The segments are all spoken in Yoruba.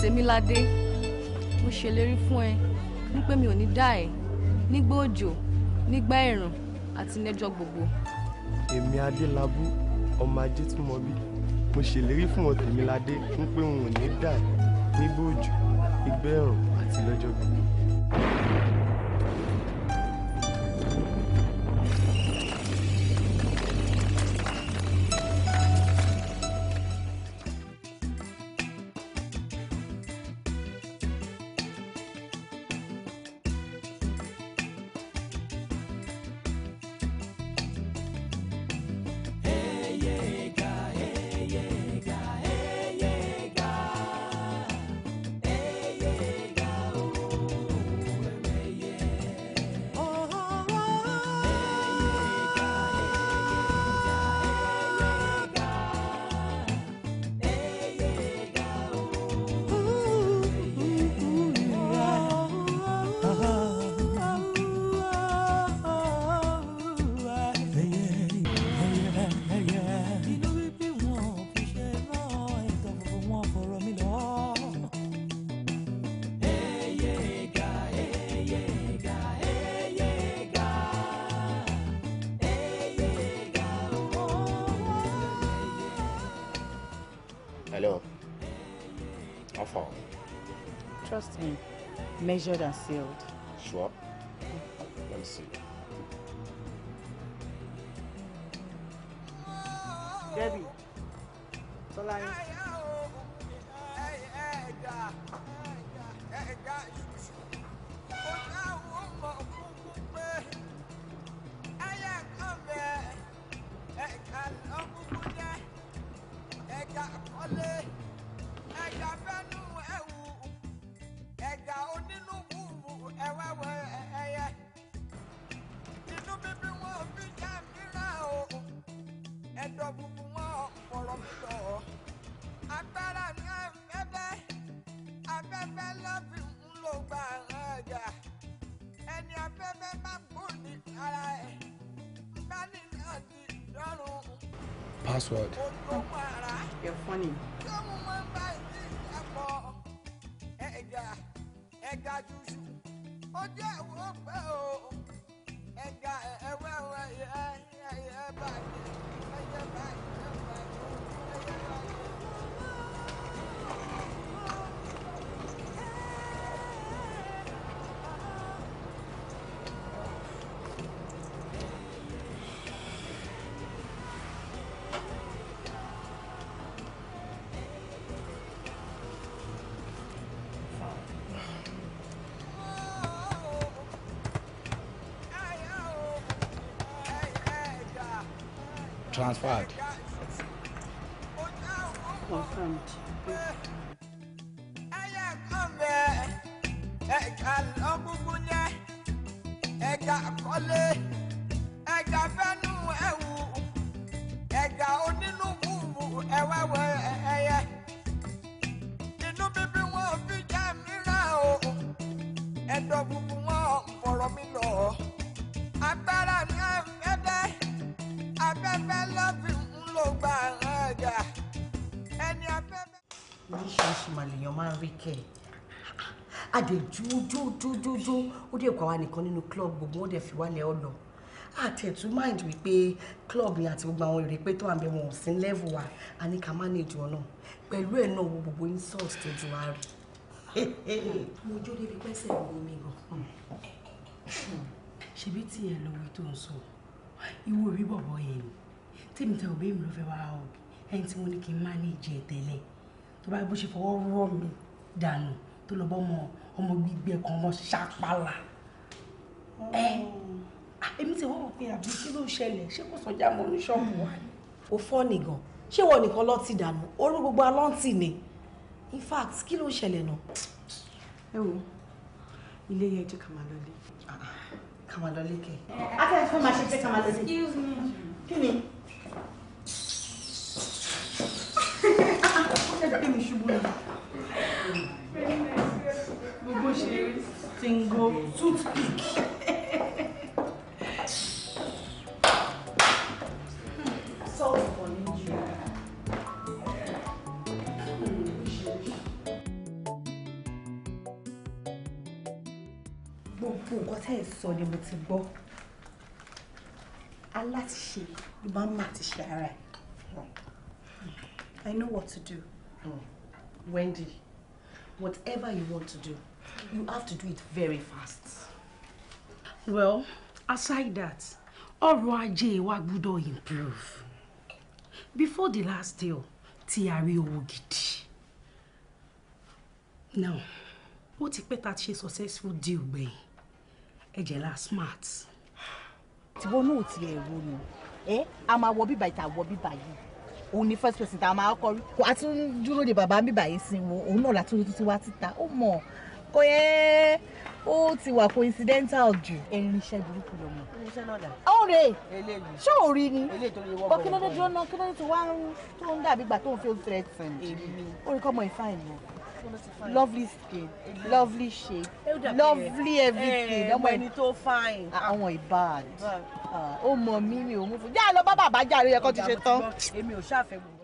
Tèmiládé mo ṣèlérí fún ẹ wípé mi ò ní dá ẹ nígbà òjò nígbà ẹ̀rùn àti lẹ́jọ́ gbogbo. èmi adélábù ọmọ ajé tí mo bí mo ṣèlérí fún ọ Tèmiládé wípé n ò ní dá ẹ nígbà òjò nígbà ẹ̀rùn àti lọ́jọ́ gbogbo. Jordan Silva. ṣu ó jẹ́ ìwọ pẹ́ o ẹ̀ka ẹ̀wẹ́ wẹ̀ yẹ ẹ̀ bàjẹ́. transferred. Awesome. a dẹ̀ jójójójójó ó dẹ̀ kọ́ àwa nìkan nínú club gbogbo wọn dẹ̀ fi wálẹ̀ ọ lọ àtẹ̀tù mind wípé club ni àti gbogbo àwọn èrè pé tó àbẹ̀ wọn ò sí level wa a ní ká manage wọn náà pẹ̀lú ẹ̀ náà wo gbogbo insult tó ju wa rí. mo jó débi pẹ́sẹ̀ ìwé mi gan hmm. ṣebí tí ẹ lówó tó ń sọ ìwọ òbí bọ̀bọ̀ yẹn ni tèmi tẹ òbí mi ló fẹ́ wá òbí ẹni tí mo ní kí n manage ẹ tẹ́lẹ̀ tó bá bó ṣe fọwọ́ rọ̀ mi dànù tó lọ bọ́ mọ́ ọ ọmọ gbígbẹ kan ọmọ ṣàpàlà ẹ èmi ti wọ́n rò pé àbí kí ló ṣẹlẹ̀ ṣé kò sọjá mọ́ ní ṣọ́ọ̀bù wa ni. ó fọ́ nìgàn ṣé wọ́n nìkan lọ́ọ́ ti dànù orí gbogbo alọ́ǹtì ni in fact kí ló ń ṣẹlẹ̀ náà. ẹ wo ilé yẹn jẹ́ ká máa lọlé. Ah, ah, ká máa lọlé kẹ. akẹ́kọ̀ọ́ fún ma ṣe jẹ́ ká excuse me. kí ni. Ah, ẹ gbé mi ṣubú náà single toothpick. Salt for Nigeria. Gbogbo nǹkan tẹ́ ẹ̀ sọ ni mo ti gbọ́. Alátiṣe ló máa ń mà ti ṣe ara ẹ̀. I know what to do. Mm. Wendy, whatever you want to do, you have to do it very fast. well aside that ọrọ̀ ajé wa gbọ́dọ̀ improve before the last deal tí a now what ti pẹ́ ta ṣe successful deal gbẹ̀yìn ẹ̀jẹ̀ smart. tiwọn náà tiẹ̀ wo ni ẹ a máa wọ bíbá ìta wọ bíbá ni first person tá a máa kọ rí kó a tún dúró de bàbá bíbá yìí sí wọn òun náà látúndí kò yẹ ó ti wà coincidental jù. erin iṣẹ́ burúkú ló mọ̀. irinṣẹ́ náà dà. ó ṣé ò rí ni. eléyìí tó lè wọ́pọ̀ bọ́ kí ló dé dúró náà kí ló dé ti wá tó ń dàbí ìgbà tó ń fi oṣù rẹ̀ tàn. lovely skin lovely shape lovely everything ọmọ ẹni tó fine. Ah, àwọn ìbáàdì ah, ó mọ mímì òun fún. yáà lọ bá bàbá jàre yẹ kó ti ṣe tán. èmi ò ṣàfẹ́ gbogbo.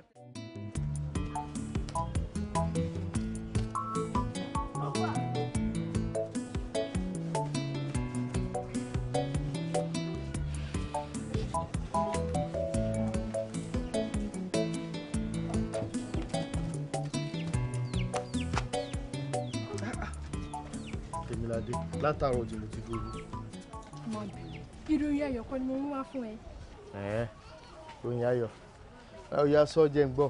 látàárọ̀ ọjọ́ mo ti dúró. mọ̀bí ìròyìn ayọ̀ kan ni mo mú wá fún ẹ. ẹ ìròyìn ayọ̀ báwo ya sọ jẹ́ ń gbọ́.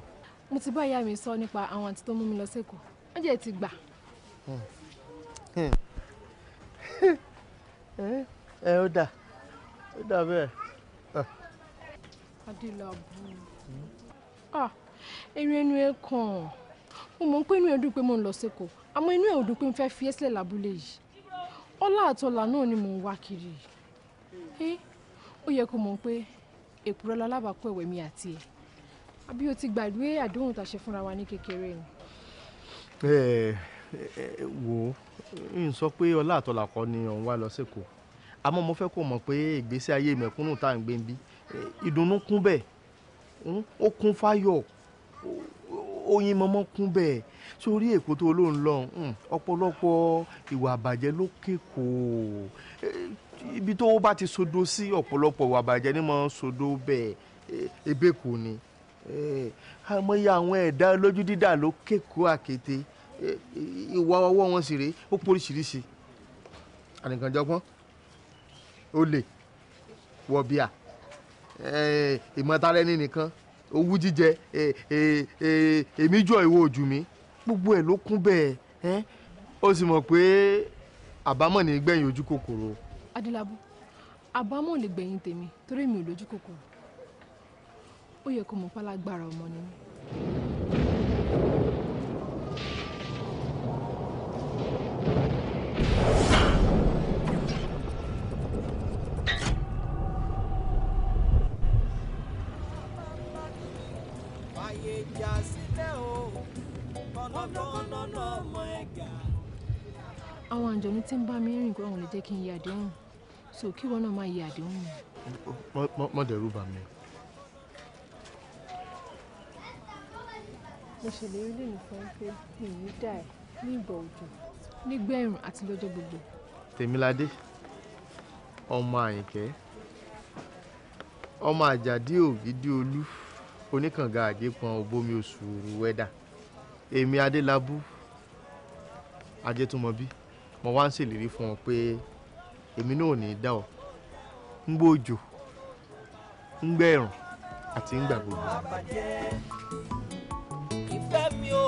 mo ti bá ìyá mi sọ nípa àwọn àǹtí tó mú mi lọ sẹ́kọ̀ọ́ wọ́n jẹ́ ti gbà. Hmm. Hmm. ẹ ó dà ó dà bẹ́ẹ̀. Ah. adélábù eré ah, inú ẹ kàn mo mọ̀ pé inú ẹ dùn pé mo ń lọ sẹ́kọ̀ọ́ àmọ́ inú ẹ ò dùn pé mo fẹ́ fi ẹ́ sílẹ̀ lábúlé yìí ọlá àtọlà náà ni mò ń wá kiri ẹ ó yẹ kó mọ̀ pé èkúrọ́ lálábàápọ̀ ẹ̀wẹ̀ mi àti ẹ̀ àbí o ti gbàgbé àdéhùn tá a ṣe fúnra wa ní kékeré ni. ẹ ẹ wò ó n sọ pé ọlá àtọlà kọ́ ni òun wá lọ sẹ́kọ̀ọ́ àmọ́ mo fẹ́ kó mọ̀ pé ìgbésí ayé mẹ̀kúnnù tá à ń gbé ń bí ìdùnnú kún bẹ́ẹ̀ hm, ó kún fáyọ̀ oyin mọ́mọ́ kún bẹ́ẹ̀ sórí èkó tó ló ń lọ hmm, ọ̀pọ̀lọpọ̀ ìwà àbàjẹ́ ló kékòó eh, ibi tó bá ti sodo sí ọ̀pọ̀lọpọ̀ ìwà àbàjẹ́ ni mo sodo bẹ́ẹ̀ eh, ebe kò ní eh, àmọ́yé àwọn ẹ̀dá lójú dídà ló kékòó àkété ìwà ọwọ́ wọn sì rèé ó poríṣiríṣi ànìkànjọpọ́n olè wọ̀bìà ìmọ̀tara ẹni nìkan owú jíjẹ èmi jọ ìwọ ojú mi gbogbo ẹ̀ ló kún bẹ́ẹ̀ ẹ́ ó sì mọ̀ pé àbámọ̀ ní gbẹ̀yìn ojú kòkòrò. adélábù àbámọ̀ ní gbẹ̀yìn tèmi torí mi ò lójú kòkòrò ó yẹ kó mọ̀ pálágbára ọmọ ni mí. tí ń bá mi rìn kúrò àwọn lè jẹ́ kí n yẹ àdéhùn so kí wọn náà máa yẹ àdéhùn mi. má dẹ̀rù bà mí. mo ṣèlérí lèmi fún ẹ pé mi ò ní dà ẹ ní ìbọ̀ òjò nígbà ẹ̀rùn àti lọ́jọ́ gbogbo. tèmiládé ọmọ àyìnkẹ́ ọmọ àjàdí ògidì olú oníkànga àjẹpọn ògbómi oṣù wẹ́dà èmi adélábù ajétúmọ̀bí mo wá ń ṣèlérí fún ọ pé èmi náà ò ní í dá ọ ń gbòjò ń gbẹ ẹ̀rùn àti ń gbà gbogbo. ìfẹ́ mi ò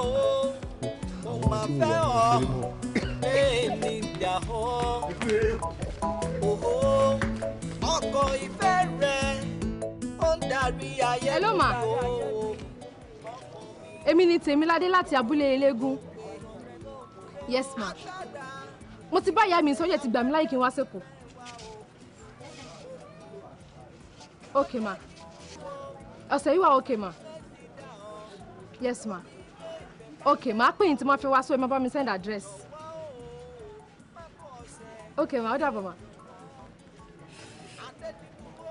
mo máa fẹ́ ọ èmi gbà ọ òhò ọkọ̀ ìfẹ́ rẹ ó ń darí ayé mi o. èmi ni Tèmiládé láti abúlé eléégún yes ma mo ti bá ìyá mi sọ́yẹ̀ ti gbà mí láyé kí n wá sẹ́kọ̀ọ́. ok ma ọ̀sẹ̀ yìí wà ok ma yes ma ok ma pè yín tí ma fi wá sọ ẹ má bá mi send address ok ma ó dàbọ̀ ma.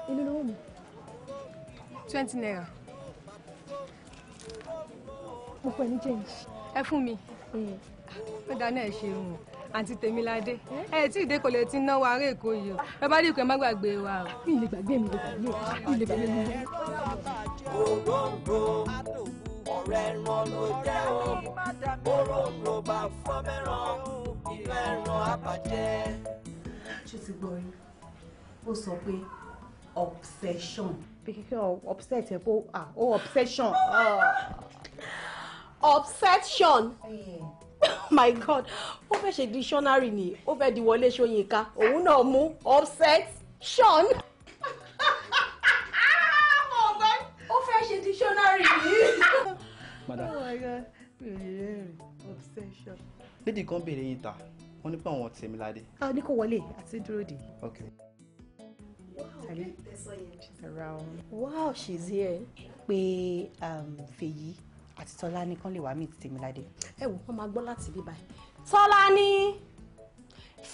inú ló wù mí. twenty naira. mo pẹ̀ ní change. ẹ fún mi. Mm. ó dáná ẹ ṣe irun o àǹtí tèmiládé ẹ tí ìdè kò lè ti ná wa ará èkó yìí o ẹ bá rí ìpè má gbàgbé wa o. mi ì lè gbàgbé mi gbàgbé mi ì lè gbàgbé mi. òróǹro ẹran ló jẹ́ o òróǹro bá fọ́ mẹ́ràn ẹran àbàjẹ́. ṣé ti gbọ́ yín ó sọ pé obsession pé kíkẹ́ upset ẹ̀ pé ó obsession obsession. Yeah. my god ó fẹ́ ṣe dictionary ni ó fẹ́ di Wọlé Ṣóyínká òun náà mú upset sean. ó fẹ́ ṣe dictionary ni. madam oh my god obsession. lédi kan béèrè yín ta wọn ní pé àwọn ọtí mi ládé. a ní kò wọlé àti dúró dè. ok. wow she's here um fèyí àti tọ́lá ní kán lè wá mí ti tèmi ládé. ẹ wò wọn máa gbọ́ láti bí báyìí. tọ́lá ní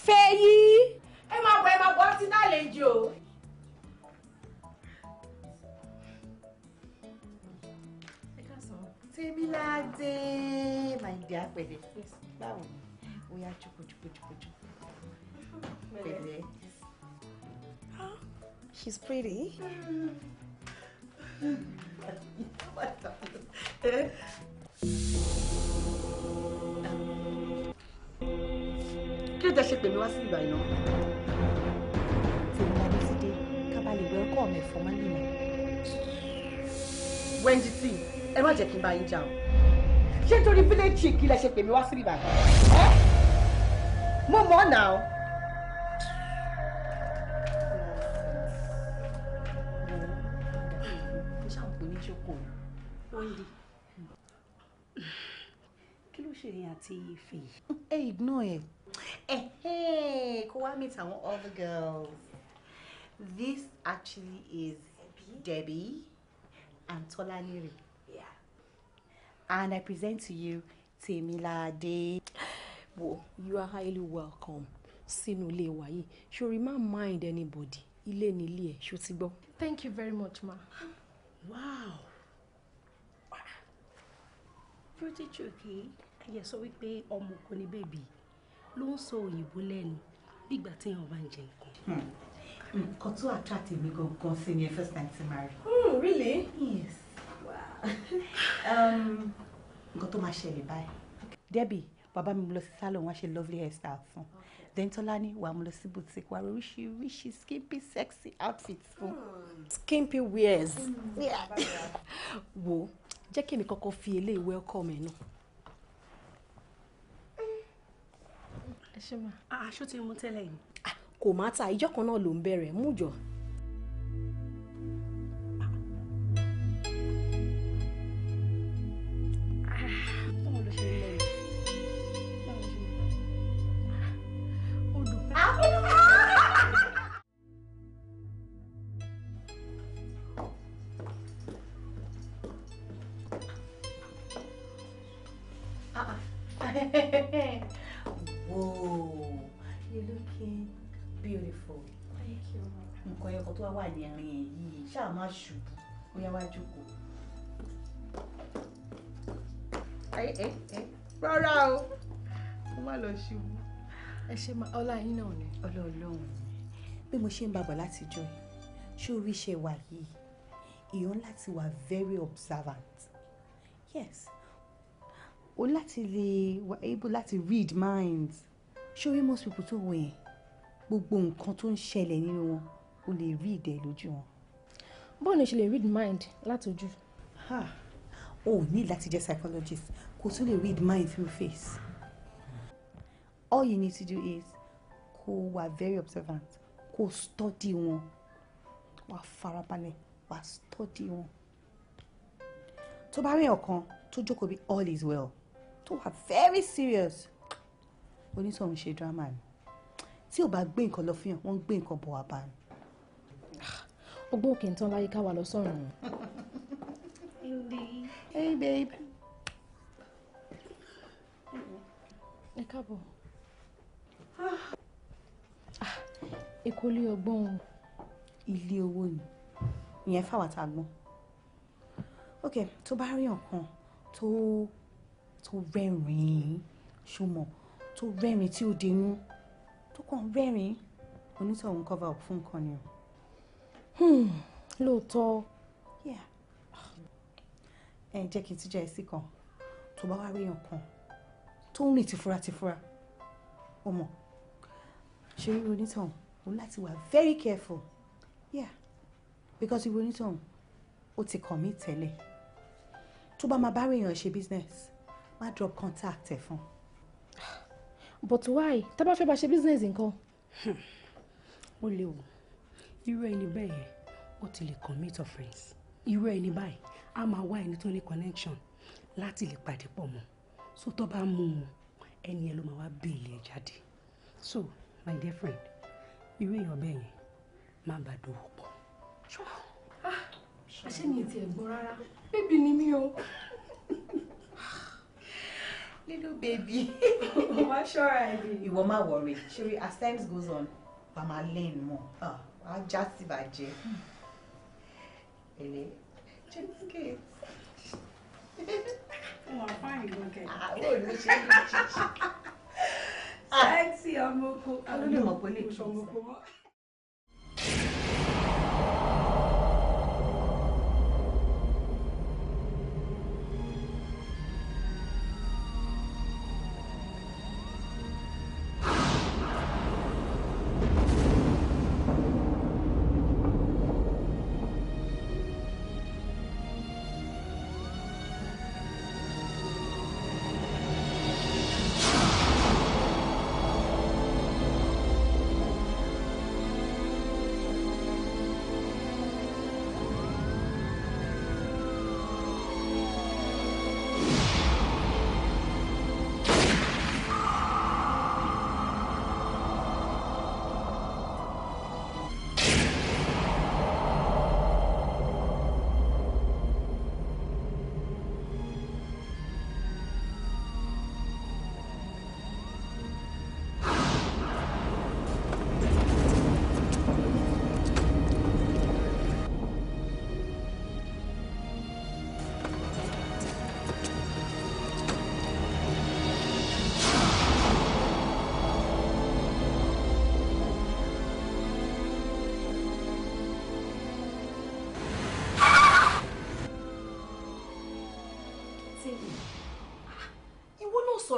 fèyí. ẹ máa bọ̀ ẹ máa bọ̀ ọtí dálejò. tèmíládé máa ń di apẹ̀lẹ̀ báwo ni ó yá jùkújùkújùkújù pẹ̀lẹ́. Ah, she's pretty. kí ló jẹ́ ṣe pè mí wá sí ìgbà iná. tèmi adé ti dé ká bá lè wẹ́kọ̀ mi fún mọ́lì mi. wendy t ẹ má jẹ́ kí n bá yín jà o ṣé nítorí village chic kí lẹ ṣe pè mí Ìlọrin àti Ifẹ̀ yìí. ẹ ignore ẹ. ẹ kó wá meet àwọn other girls this actually is Debbie and Tolaniri yeah. and I present to you Temilade. wo you are highly welcome sínú ilé wa yìí ṣòrí má mind anybody ilé ni ilé ẹ ṣó ti gbọ́. thank you very much ma. wow. Pretty tricky ayẹ sọ wípé ọmọ kò ní bèbí ló ń sọ òyìnbó lẹ́nu nígbà tí èèyàn bá ń jẹ nǹkan. Hmm. Hmm, nǹkan tó attract mi gangan sí ni first time ti marry. Hmm, really? yes. Um, nǹkan tó máa ṣẹlẹ̀ báyìí. Debbie bàbá mi mo lọ sí salon wá ṣe lovely hairstyle fún then Tọ́lání wà mo lọ sí boutique wà oríṣiríṣi skimpy sexy outfits fún. skimpy wears. wo jẹ́ kí èmi kọ́kọ́ fi eléyìí welcome ẹ̀ náà. ṣé ma aṣọ ah, tí mo tẹ́lẹ̀ yìí. Ah, kò má ta ìjọ kan náà ló ń bẹ̀rẹ̀ mú jọ. ṣubú ó yá wá jókòó. rárá o mo má lọ ṣubú. ẹ ṣe máa ọlá yín náà ni. ọlọ́ọ̀lọ́hún bí mo ṣe ń bàbọ̀ látijọ́ yìí ṣé orí ṣe wà yìí èèyàn láti wà very observant yes o láti lè wà able láti read minds ṣé orí most people tó wọ̀ yẹn gbogbo nǹkan tó ń ṣẹlẹ̀ nínú wọn o lè rí ìdẹ lójú wọn bọ́ọ̀ ni ṣe lè read mind láti ojú. o ò ní láti jẹ́ psychologist kó tún lè read mind through face. all you need to do is kó wà very observant kó study wọn wà farabalẹ̀ wà study wọn. tó bá rí ọ̀kan tó jókòó bí all is well tó wà very serious onítọ̀hún ṣe drama ni tí ò bá gbé nǹkan lọ fi hàn wọ́n ń gbé nǹkan bọ̀ wá bá ni ogbó òkè ń tán láyé káwa lọ sọ̀rùn. hey babe. ẹ káàbọ̀. èkó ah, lé ọgbọ́n o. ilé owó ni ìyẹn fáwọn tá a gbọ́n. ok tó bá rí nǹkan tó tó rẹ́rìn-ín ṣùgbọ́n tó rẹ́rìn-ín tí ó dénú tó kàn rẹ́rìn-ín onítọ̀hún cover up fún nǹkan ni o. Hmm. lóòótọ́ ẹ jẹ́ kí n ti jẹ́ ẹ̀sìn kan tó bá wá rí èèyàn kan tó ń rìn tìfura tìfura ó mọ̀ ṣe rí onítọ̀hún o láti wà very careful yeah because irú onítọ̀hún ó ti kàn mí tẹ́lẹ̀ tó bá máa bá rí èèyàn ṣe business má drop contact ẹ̀ fún. but why tá a bá fẹ́ bá ṣe business nǹkan. Hmm. ó léwu irú ẹni bẹ́ẹ̀ yẹn ó ti lè commit offence irú ẹni báyìí a máa wá ẹni tó ní connection láti lè pàdé pọ̀ mọ́ so tó bá mú un ẹni ẹ ló máa wá bẹ́ẹ̀lì ẹ jáde so my dear friend irú èèyàn bẹ́ẹ̀ yẹn má bàa dòwò pọ̀. Ah, àṣé mi ò tiẹ̀ gbọ́ rárá bébì ni mí o little baby ìwọ má ṣọ́ra ẹ̀ ìwọ má worry ṣeré as time goes on wàá máa learn more. Uh ajá sì bàjẹ́ ẹ̀lẹ́ james gate. wọn fine lókè. àwọn olùṣe yìí ṣíṣe. sẹ́ẹ̀sì ọmọ oko. olórí mọ̀ pé lè tún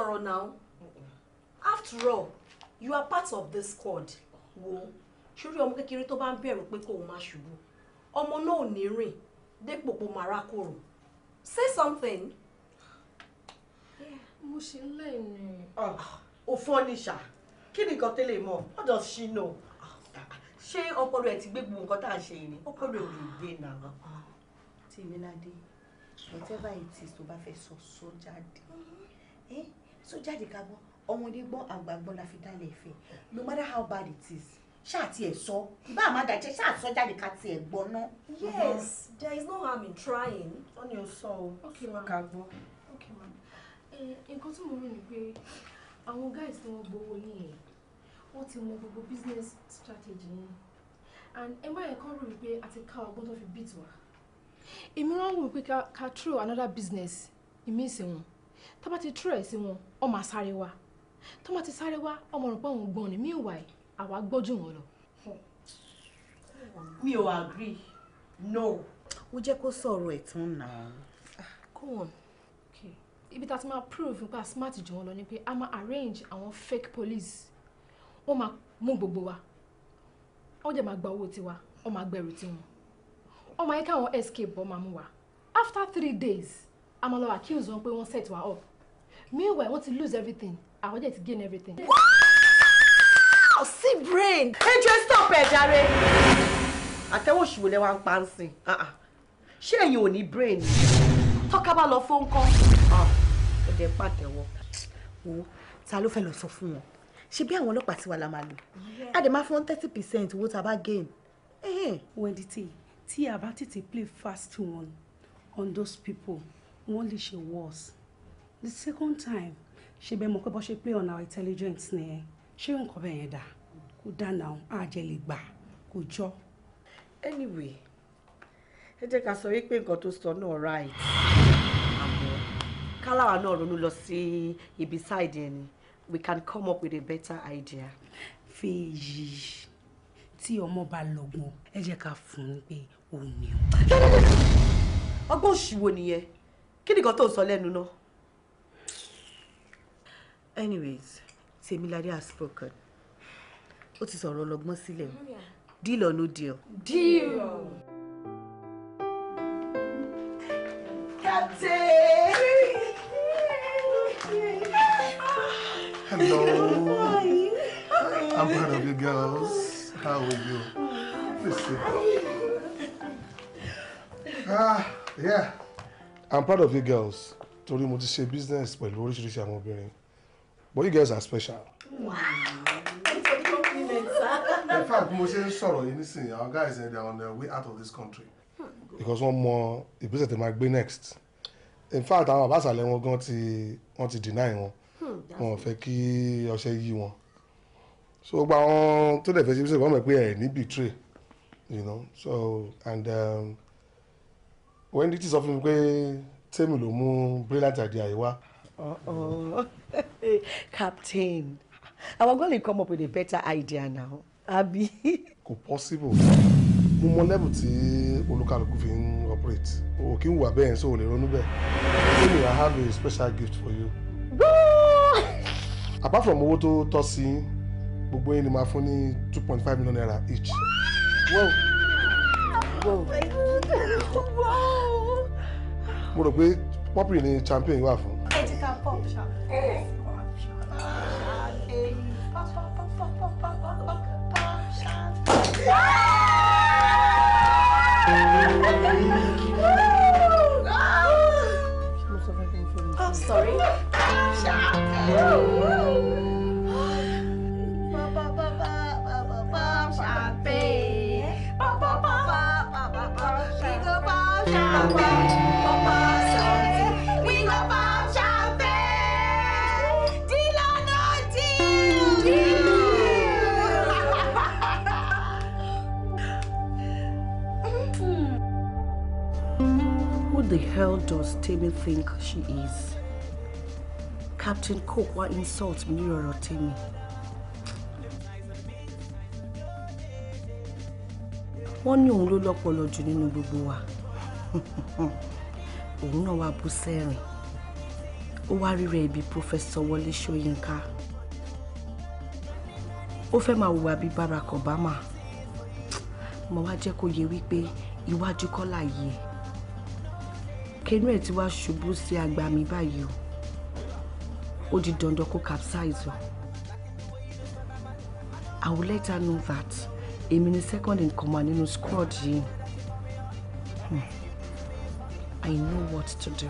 sọ̀rọ̀ náà after all you are part of this squad wo ṣúrí ọmọ kékeré tó bá ń bẹ̀rù pé kóun máa ṣubú ọmọ náà ò ní rìn dépò pò màrá kòrò say something. mo ṣe lẹ́yìn. òfò nìṣà kí ni nǹkan tẹ́lẹ̀ mọ́ what does she know ṣé ọpọlọ ẹ ti gbé gbogbo nǹkan tá à ń ṣe yìí ni ọpọlọ ò lè gbé e náà. tèmi whatever it is tó bá fẹ́ sọ sọ jáde. Mm-hmm. Eh? so jáde ká gbọ́ ọmọdé gbọ́ àgbà gbọ́ la fi dálẹ̀ ìfẹ́ no matter how bad it is ṣáà tiẹ̀ sọ ìbá àmà dàjẹ́ ṣáà sọ jáde ká tiẹ̀ gbọ́ ná. yes there is no harm in trying. wọ́n ní o sọ o okay ma ká gbọ́. okay ma nǹkan tí mo rí ni pé àwọn guys tí wọ́n gbowó nìyẹn wọ́n ti mọ gbogbo business strategy yẹn and ẹ má yẹ kán rò wípé àti ká ọgbọ́n tó fi beat wa. èmi rán wò pé ká throw another business ìmí ìsìn wọn tó bá ti túrẹ̀ sí wọn ọ máa sáré wá tó bá ti sáré wá ọmọ rẹ̀ pé òun gbọ́n ni meanwhile àwa gbójú wọn lọ. mi ò agree no. ó jẹ́ kó sọ̀rọ̀ ẹ̀ tán náà. go ah, on ibi tá a ti máa prove nípa smart jù wọn lọ ni pé a máa arrange àwọn fake police wọ́n máa mú gbogbo wa wọ́n jẹ́ máa gba owó tiwa wọ́n máa gbẹrù tiwọn wọ́n máa yẹ káwọn escape wọ́n máa mú wa after three days a máa lọ accuse wọn pé wọ́n set her up meanwhile I want to lose everything I jẹ́ to gain everything. wow see brain Hey, just stop it, jàre. I tell lẹ́wà she pa ń fancy. Uh uh. She ní brain ni. brain. Talk about fóun phone call. Oh, pàtẹ́wọ́ wo ta ló fẹ́ lọ sọ fún wọn ṣe bí àwọn ọlọ́pàá ti wà la máa lò á dẹ̀ máa fún thirty percent owó tá a eh. gain. Wendy tí a about tètè play fast one on those people wọ́n lè ṣe worse the second time ṣe bẹ́ẹ̀ mọ̀ pé bọ́ ṣe play on our intelligence nìyẹn ṣé nǹkan bẹ́ẹ̀ yẹn dà kó dáná àjẹ lè gbà kó jọ. anyway ẹ jẹ́ ká sọ wípé nǹkan tó sọ náà right àmọ́ káláwa náà ronú lọ sí ibi side ẹni we can come up with a better idea. fèyí tí ọmọ bá lọ́gbọ́n ẹ jẹ́ ká fún un pé òun ni o. ọgbọ́n nìyẹn kí nìkan tó ń sọ lẹ́nu náà. anyways Tèmiládé has spoken ó ti sọ̀rọ̀ ọlọ́gbọ́n sílẹ̀ o deal or no deal. deal. Captain. Hello. I'm proud of you girls. How are you? Ah, yeah. I'm proud of you girls torí mo ti ṣe business pẹ̀lú oríṣiríṣi àwọn obìnrin but you girls are special. Wow. in fact mo ṣe ń sọ̀rọ̀ yìí nísìnyí our guys they are on their way out of this country. because wọ́n mọ ìgbésẹ̀ tó máa gbé next in fact àwọn àbáṣàlẹ̀ wọn gan ti wọ́n ti deny wọn hmm, wọn ò fẹ́ kí ọṣẹ yí wọn so gba wọn tó dẹ̀ fẹ́ ṣe bí sẹ́yìn wọ́n mọ̀ pé ẹ̀ ní betray you know so and. Um, wendy ti sọ fún mi pé tèmi ló mú brilliant idea yìí wá. captain our goal is come up with a better idea now abi. kò possible mo mọ level tí olúkálùkù fi ń operate o kì í wà bẹ́ẹ̀ so o lè ronú bẹ́ẹ̀ tèmi i have a special gift for you. apart from owó tó tọ́ sí gbogbo yín ni màá fún ní two point five million naira each. Wow mo rò pé pọ́pì ni champion wà fún. ẹ ti I'm sorry. the hell does Timmy think she is? Captain Cook why insult mi ní ọ̀rọ̀ Timmy. Wọ́n ní òun ló lọ́pọlọ jù nínú òun náà wá bú sẹ́rìn ó wá ríra ibi pòfẹ́sọ Wọlé Ṣóyínká ó fẹ́ máa hùwà bíi Barack Obama mo wá jẹ́ kó yẹ wípé iwájú kọ́ láàyè kẹnu ẹ̀ tí wàá ṣubú sí àgbà mi báyìí o ó di dandan kó capsize o I will let her know that èmi ni second in command nínú squad yìí. Hmm. I know what to do.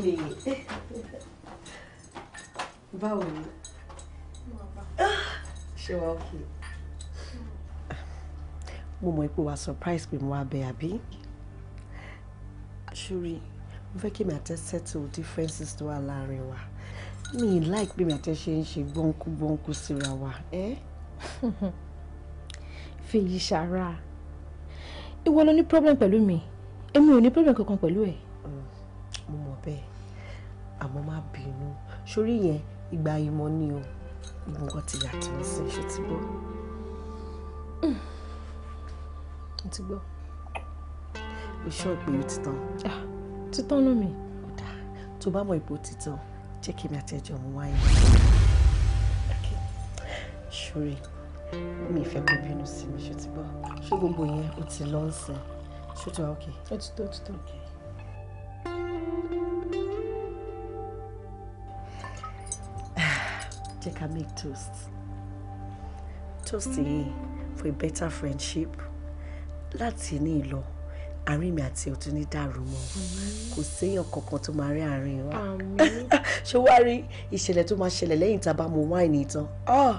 really báwo ni ṣe mo mọ̀ pé wàá surprise pé mo wá bẹ àbí ṣúrí mo fẹ́ kí mi àtẹ settle differences tó wà láàrin wa mi like pé mi àtẹ ṣe ń ṣe gbọ́nkú gbọ́nkú síra wa. Eh? fèyí ṣàrà ìwọ ló ní problem pẹ̀lú mi èmi ò ní problem kankan pẹ̀lú ẹ̀. Mm mo mọ̀ bẹ́ẹ̀ àmọ́ má bínú sórí yẹn ìgbà ìmọ̀ ni o gbogbo nǹkan ti yàtọ̀ sí ṣe ti gbọ́ mo ti gbọ́ o ṣọ́ pé o ti tán. Ah, títán nù mí. kò dáa tó bá mọ ipò títàn jẹ́ kí mi àti ẹjọ́ mu wáyé. ṣòro mi ìfẹ́ kò bínú sí mi ṣe ti gbọ́ ṣé gbogbo yẹn o ti lọ́ọ̀sẹ̀ ṣé o ti wá òkè. ó ti tó ó ti tó òkè. jẹ́ ká make toast toast mm. for a better friendship láti ní ìlọ àárín mi àti ọtún ní dàrú mọ́ kò séèyàn kankan tó máa rí àárín wa ṣé wàá rí ìṣẹ̀lẹ̀ tó máa ṣẹlẹ̀ lẹ́yìn tá a bá mu wáìnì tán ah!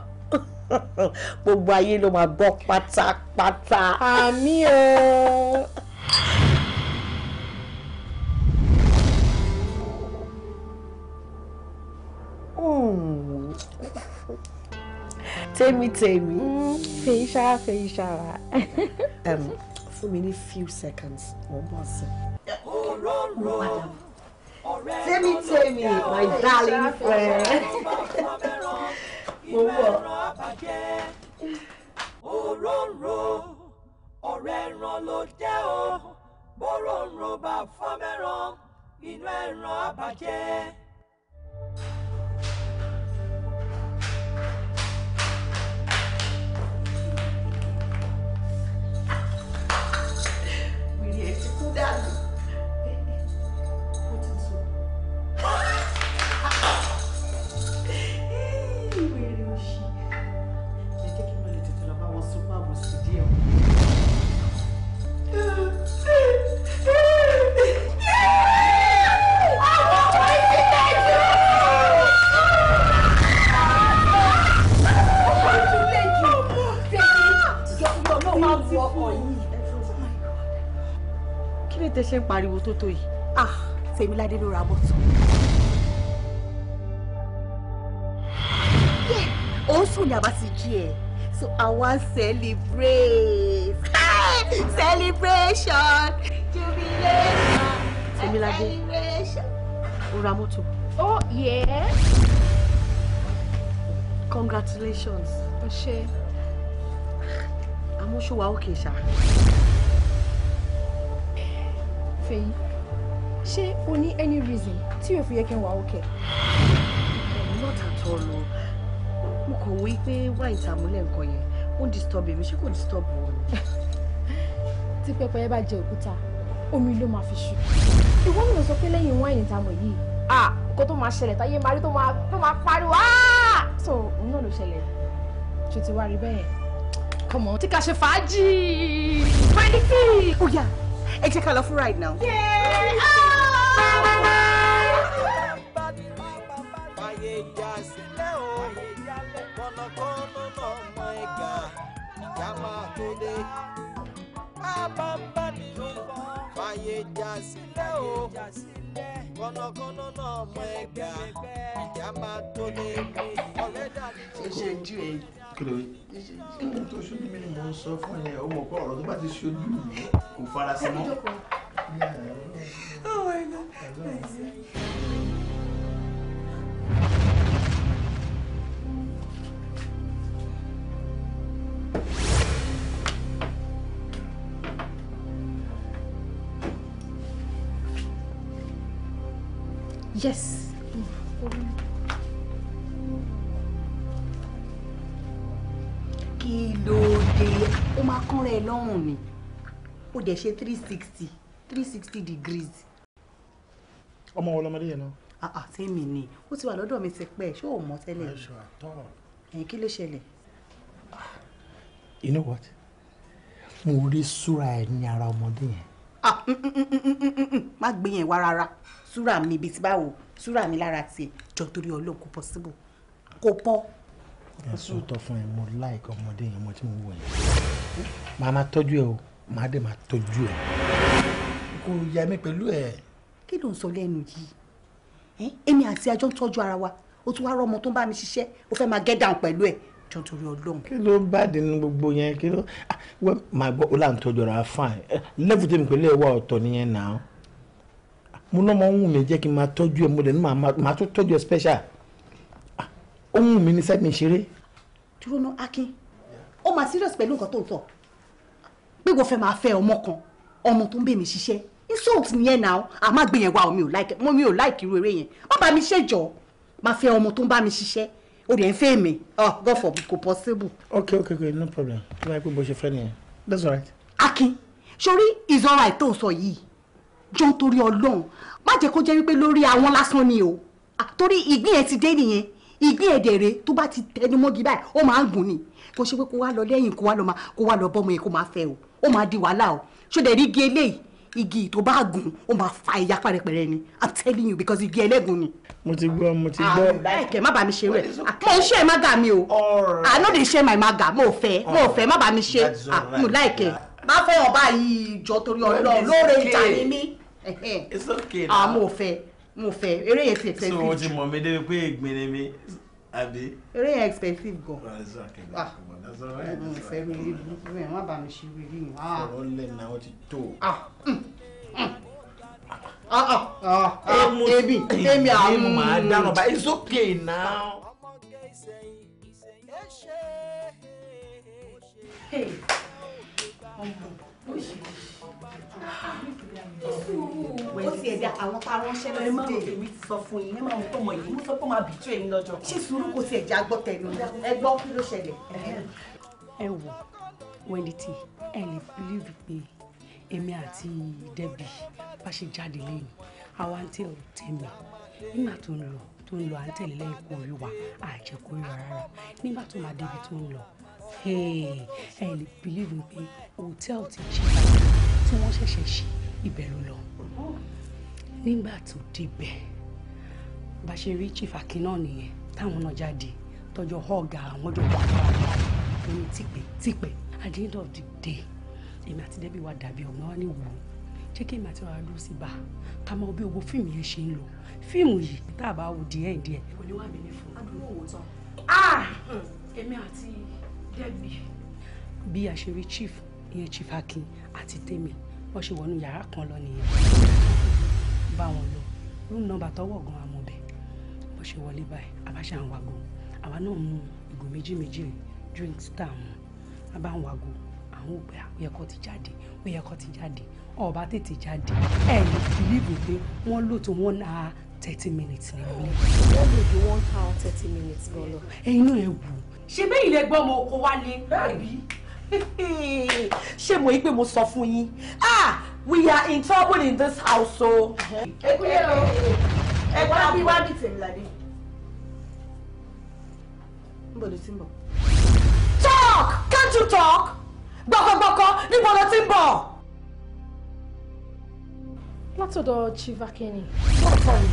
gbogbo ayé ló máa gbọ́ pátápátá. àmì o. tèmi tèmi. Mm, fèyí ṣáà fèyí ṣáà. Um, fún mi ní few seconds mo bọ̀ sí. mo padà bọ̀. my darling friend. mo wọ̀. òróró ọ̀rẹ́ ẹran ló jẹ́ o bóró bá fọ́mẹ́ràn inú ẹran àbàjẹ́. dànù. tẹ́ ṣe ń pariwo tó tó yìí. ah Fẹ́miládé ló ra mọ́tò. òun sùn ní àbá ti jí ẹ so i wan celebrate celebration jubilation Fẹ́miládé ó ra mọ́tò. oh yeah. congratulations. o ṣe. àmọ́ ṣó wa Fẹ́yí ṣé o ní any reason tí yóò fi yẹ kí n wà òkè. not at all o mo kàn wí pé wá ìtàmúlẹ̀ nǹkan yẹn ó ń disturb èmi ṣé kò disturb wọn. tí pẹpẹ bá jẹ òkúta omi ló máa fi ṣù ìwọ mi ò sọ pé lẹ́yìn wáìnì ìtàmù yìí kó tó máa ṣẹlẹ̀ táyé máa rí tó máa pariwo so òun náà ló ṣẹlẹ̀ ṣe ti wá rí bẹ́ẹ̀ come on tí ká ṣe fàájì fàájì ó yá ẹ jẹ́ ká lọ fún ride now. Ṣé ń jú ẹ? kílódé kílódé tó ṣojú mi ni mò ń sọ fún ẹ o mọ̀ pé ọ̀rọ̀ tó Oh my God. Yes. ó máa kán rẹ lọ́rùn ni ó dẹ̀ ṣe three sixty three sixty degrees. ọmọ wo lọmọdé yẹn náà. àà ah, ah, sẹ́mi ni ó ti wà lọ́dọ̀ mi ti pẹ́ ṣé o mọ̀ tẹ́lẹ̀. ẹ̀ṣọ́ àtọ́. ẹ̀yìn kí ló ṣẹlẹ̀. you know what mo rí súra ẹ ní ara ọmọdé yẹn. Ah, mm, mm, mm, má gbé yẹn wá rárá súra mi bíi ti báwo súra mi lára tiẹ̀ jọ torí ọlọ́run kò possible kò pọ́n ẹ sòótọ́ fún ẹ mo láìka ọmọdé yẹn ọmọ tí mo wọ yẹn màá máa tọ́jú ẹ o màá dé máa tọ́jú ẹ kò yà mí pẹ̀lú ẹ. kí ló ń sọ lẹ́nu yìí èmi àti ajọ́ ń tọ́jú ara wa o tún wá rọ ọmọ tó ń bá mi ṣiṣẹ́ o fẹ́ máa get down pẹ̀lú ẹ̀ jọ torí ọlọ́run. kí ló ń bá dé nínú gbogbo yẹn kí ló wọ́n máa gbọ́ ọlá ń tọ́jú ara fún ẹ lẹ́fù tèmi pẹ̀lú ẹ̀wà ọ̀tọ̀ nìyẹn náà mo náà ń wù mí jẹ́ kí n máa tọ́jú ẹ mo dẹ̀ ní tún tọ́jú ẹ special ohun mi ni sẹ́mi ṣeré. dúró ná akin ó máa serious pẹ̀lú nǹkan tó ń sọ pé wọ́n fẹ́ máa fẹ́ ọmọ kan ọmọ tó ń bẹ̀ ṣiṣẹ́ insult nìyẹn náà a máa gbìyànjú àwọn mi ò like mo mi ò like irú eré yẹn má bá mi ṣèjọ́ máa fẹ́ ọmọ tó ń bá mi ṣiṣẹ́ o dẹ̀ ń fẹ́ mi oh god for kò possible. ok ok ok no problem tí wàá pé bó ṣe fẹ́ nìyẹn that's alright. akin sori is alright tó ń sọ yìí jọ nítorí ọlọ́run má jẹ́ kó jẹ́ wípé lórí àwọn lásán ni o ah, torí ìgbín yẹn ti dé nìyẹn Igbe èdèrè tó bá ti tẹnu mọ́gi báyìí ó máa ń gùn ni kò ṣe pé kó wá lọ lẹ́yìn kó wá lọ kó wá lọ bọ́mọ yẹn kó máa fẹ́ o ó máa di wàhálà o ṣó rí igi eléyìí igi tó bá gùn ó máa fa ìyá pẹrẹpẹrẹ ni i'm telling you because igi ẹlẹ́gùn ni. mo ti gbọ́ mo ti ah, gbọ́. àìkẹ́ má bà mí ṣe rẹ̀ mo ń ṣe mága mi o i no dey share my maga mo fẹ́ mo fẹ́ má bà mí ṣe ah, mo láìkẹ́. má fẹ́ ọba yìí jọ torí ọlọ́ọ̀ lóore ìjà ni mí. it's okay ah, now. àmọ́ fẹ́ mo fẹ́ eré yẹn ti expensive. so o ti mọ̀ mi débi pé ìgbìnni mi àbí. eré yẹn expensive gan. ah mo fẹ́ mi rí burúkú yẹn má bàa mi ṣe rí rí yẹn. Ah. sọ̀rọ̀ lẹ́nu àwọn ti tó. ah mm, mm. ah ah ebi èmi àwọn. èmi máa dáná bá it's okay now. Hey, ọmọ, ó ṣe é. Ó ṣe é ó ti ẹ̀dá àwọn tá a ránṣẹ́ lọ sí dé. ẹ lè bílíìfù pé èmi àti Debbie bá ṣe jáde lẹ́yìn àwa ń tẹ̀ tẹ̀mí nígbà tó ń lọ tó ń lọ à ń tẹ̀lé lẹ́yìn kó wa àjẹ́ kó wa rárá nígbà tó máa débi tó ń lọ ẹ lè bílíìfù pé hòtẹ́ẹ̀lì ti jí tí wọ́n ṣẹ̀ṣẹ̀ ṣí ibẹ̀ ló lọ nígbà tó débẹ̀ bá ṣe rí chief náà nìyẹn táwọn náà jáde tọjọ ọgá àwọn jọ wà lára tó ní tìpẹ́ at the end of the day èmi àti debbie wa dàbí ọgbọ́n wa ní wò ó jẹ́ kí èmi àti wàá dúró sí bá ká mọ bí owó fíìmù yẹn ṣe ń lọ fíìmù yìí tá a bá wò díẹ̀ díẹ̀. kò ní wá mi ní fún adúlọ wò tán. Ah! Hmm, èmi àti debbie. bí a ṣe rí chief ìyẹn chief àti tèmi wọ́n ṣe wọnú yàrá kan lọ nìyẹn bá wọn lọ rúùmù nọ́mbà tọ́wọ́ gan amọ̀ bẹ̀ bó ṣe wọlé báyìí àbáṣà ń wago àwa náà mú ìgò méjì méjì drinks tá a mú a bá ń wago àwọn òpè àpéyẹ kọ́ ti jáde òyẹ kọ́ ti jáde ọba tètè jáde ẹ lè bìlíìbù pé wọ́n lò tó wọ́n na thirty minutes nínú ilé. wọ́n lò ju one hour thirty minutes gan lọ. ẹyin náà ẹ wù. ṣé bẹ́ẹ̀ ilé gbọ́ ọmọ oko wálé. bẹ́ẹ̀ bí. ṣé mo yí pé mo sọ fún yín. ah we are in trouble in this house o. ẹ kúlẹ̀ o ẹ wá bí wá talk can't you talk gbọkọgbọkọ níbo ló ti ń bọ̀. látọ̀dọ̀ chief akẹ́ni lóòótọ́ ni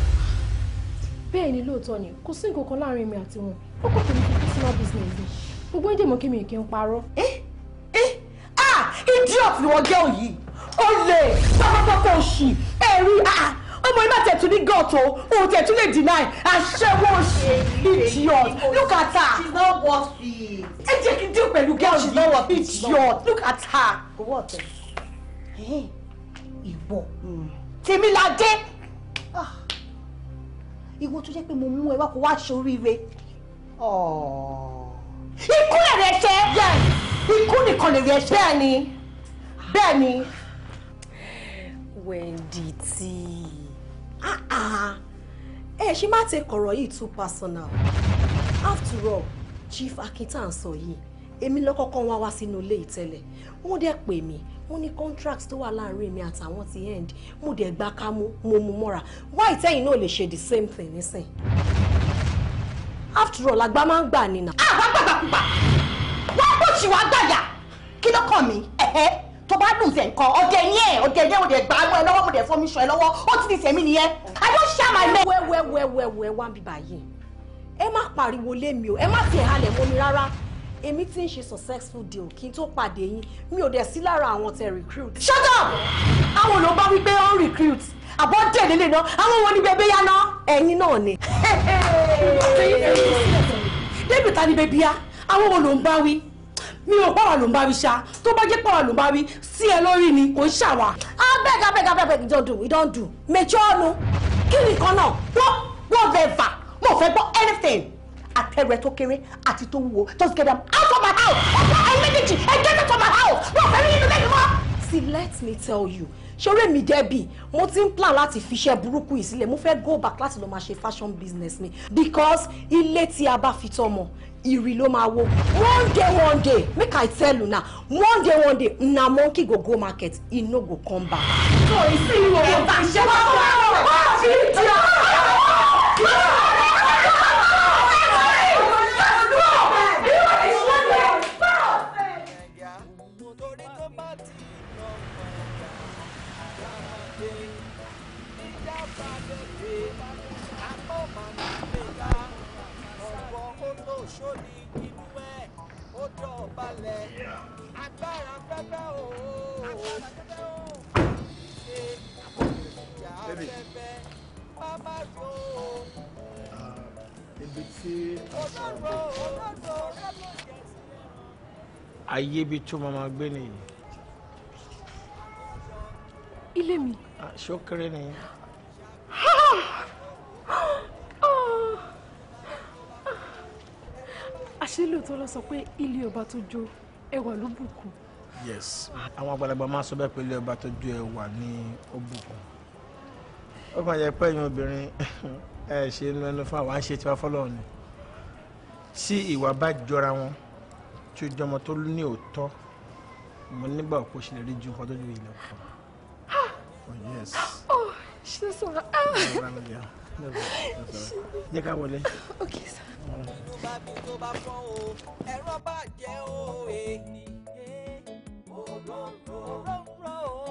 bẹ́ẹ̀ ni lóòótọ́ ni kò sí nǹkan kan láàrin mi àti wọn ó kò tẹ̀lé fún personal business ni gbogbo ẹ̀jẹ̀ mọ́ kí mi kì í parọ́. ah idiot ni wọ́n gẹ́ òyìn olè pátápátá òṣì ẹ̀rí ọmọ yìí má tẹ̀tún ní gọ̀t o òun tẹ̀tún lè deny aṣẹ́wó òṣì idiot look at her. she no worth it. ẹ jẹ́ kí n dín pẹ̀lú girl yìí idiot look at her. owó ọ̀tẹ̀ ìwọ hmm. tèmi la dé ah. ìwọ tó jẹ́ pé mo mú ẹ wá kó wá ṣoríire. ikú lè rẹ ṣe. ikú nìkan lè rẹ ṣe. bẹ́ẹ̀ ni bẹ́ẹ̀ ni. Wendy tí ẹ ṣe má take ọ̀rọ̀ yìí too personal after all Chief Akintan sọ yìí èmi lọ́kọ́kọ́ wá wá sínú ilé ìtẹ́lẹ̀ wọ́n dẹ̀ pè mí wọ́n ní contract tó wà láàrin èmi àtàwọn ti end mo dẹ̀ gbà ká mú mo mú mọ́ra wá ìtẹ́yìn náà lè ṣe the same thing nísìn after all àgbà máa ń gbà nínà. àgbà ah, gbàgbà kúgbà wọ́n bó ti wá gbàyà kí ló kàn mí tó bá dùn sẹ̀ nǹkan ọdẹ ní ẹ̀ ọdẹ ní ẹ̀ ọdẹ gbà á mọ́ ẹ lọ́wọ́ mo dẹ̀ fọ́ mi sọ ẹ lọ́wọ́ ó ti di sẹ̀mí nìyẹn i don share my men. wẹ́wẹ́wẹ́wẹ́ wá bí báyìí ẹ má pariwo lé mi o ẹ má tiẹ̀ halẹ̀ mọ́ mi rárá èmi ti ń ṣe successful deal kí n tó pàdé yín mi ò dẹ̀ sí lára àwọn tẹ recruit. shut up àwọn ló bá wípé ó ń recruit àbọ̀ dèlè lè ná àwọn wo ni bẹbẹ yá ná. ẹ̀yin náà ni. débi ta ni bẹbí yá àwọn wo ló ń bá wí mi ò pàwà ló ń bá wí ṣá tó bá jẹ́ pàwà ló ń bá wí sí ẹ lórí ni kò ń ṣàwà. abeg ah, abeg ah, abeg ah, abeg don do we don do mẹjọ ọnu kí nìkan náà wọ́n wọ́n bẹ̀ fà mo fẹ́ gbọ́ anything àtẹ̀rẹ̀ tó kéré àti tó wúwo just get them out of my house ẹ̀yin méjèèjì ẹ̀ get out of my house wọ́n fẹ́ rí inú lẹ́yìn mọ́ see let me tell you ṣoré mi Debbie mo ti ń plan láti fi iṣẹ́ burúkú yìí sílẹ̀ mo fẹ́ go back láti lọ́ọ́ máa ṣe fashion business mi because ilé tí a bá fi tọmọ ìrì ló máa wo one day one day make i tell una one day one day una monkey go go market e no go come back. so ìsìn ìwòwò tàṣẹ́ wá wá wá wá fi jà. agbára pẹ́pẹ́ o. agbára pẹ́pẹ́ o. ṣe ìjà pẹ́pẹ́ pápá tó. ibi tí. olódò olódò olódò ayé ibi tó máa gbé nìyí. ilé mi. Ah, ṣókèrè nìyẹn. àṣé lóòótọ́ lọ sọ pé ilé ọba tó jó ẹwà bùkún. yes àwọn àgbàlagbà máa sọ bẹ́ẹ̀ pé ilé ọba tọ́jú ẹwà ní ó ó kàn jẹ́ pé ẹ̀yin obìnrin ẹ ṣe ń lẹ́nu fún àwọn àṣetí wa fọ́lọ́run ni tí ìwà bá jọra wọn tí ó jọmọ tó ní òótọ́ mo nígbà òkú ṣe lè rí ju nǹkan tó ju ilẹ̀ kan. Ah! oh yes. oh ṣe sọ. Ah! jẹ́ ká wọlé. okay sir tó bá bí tó bá fọ́n o ẹ̀rọ bàjẹ́ o èyí òróǹro òróǹro o.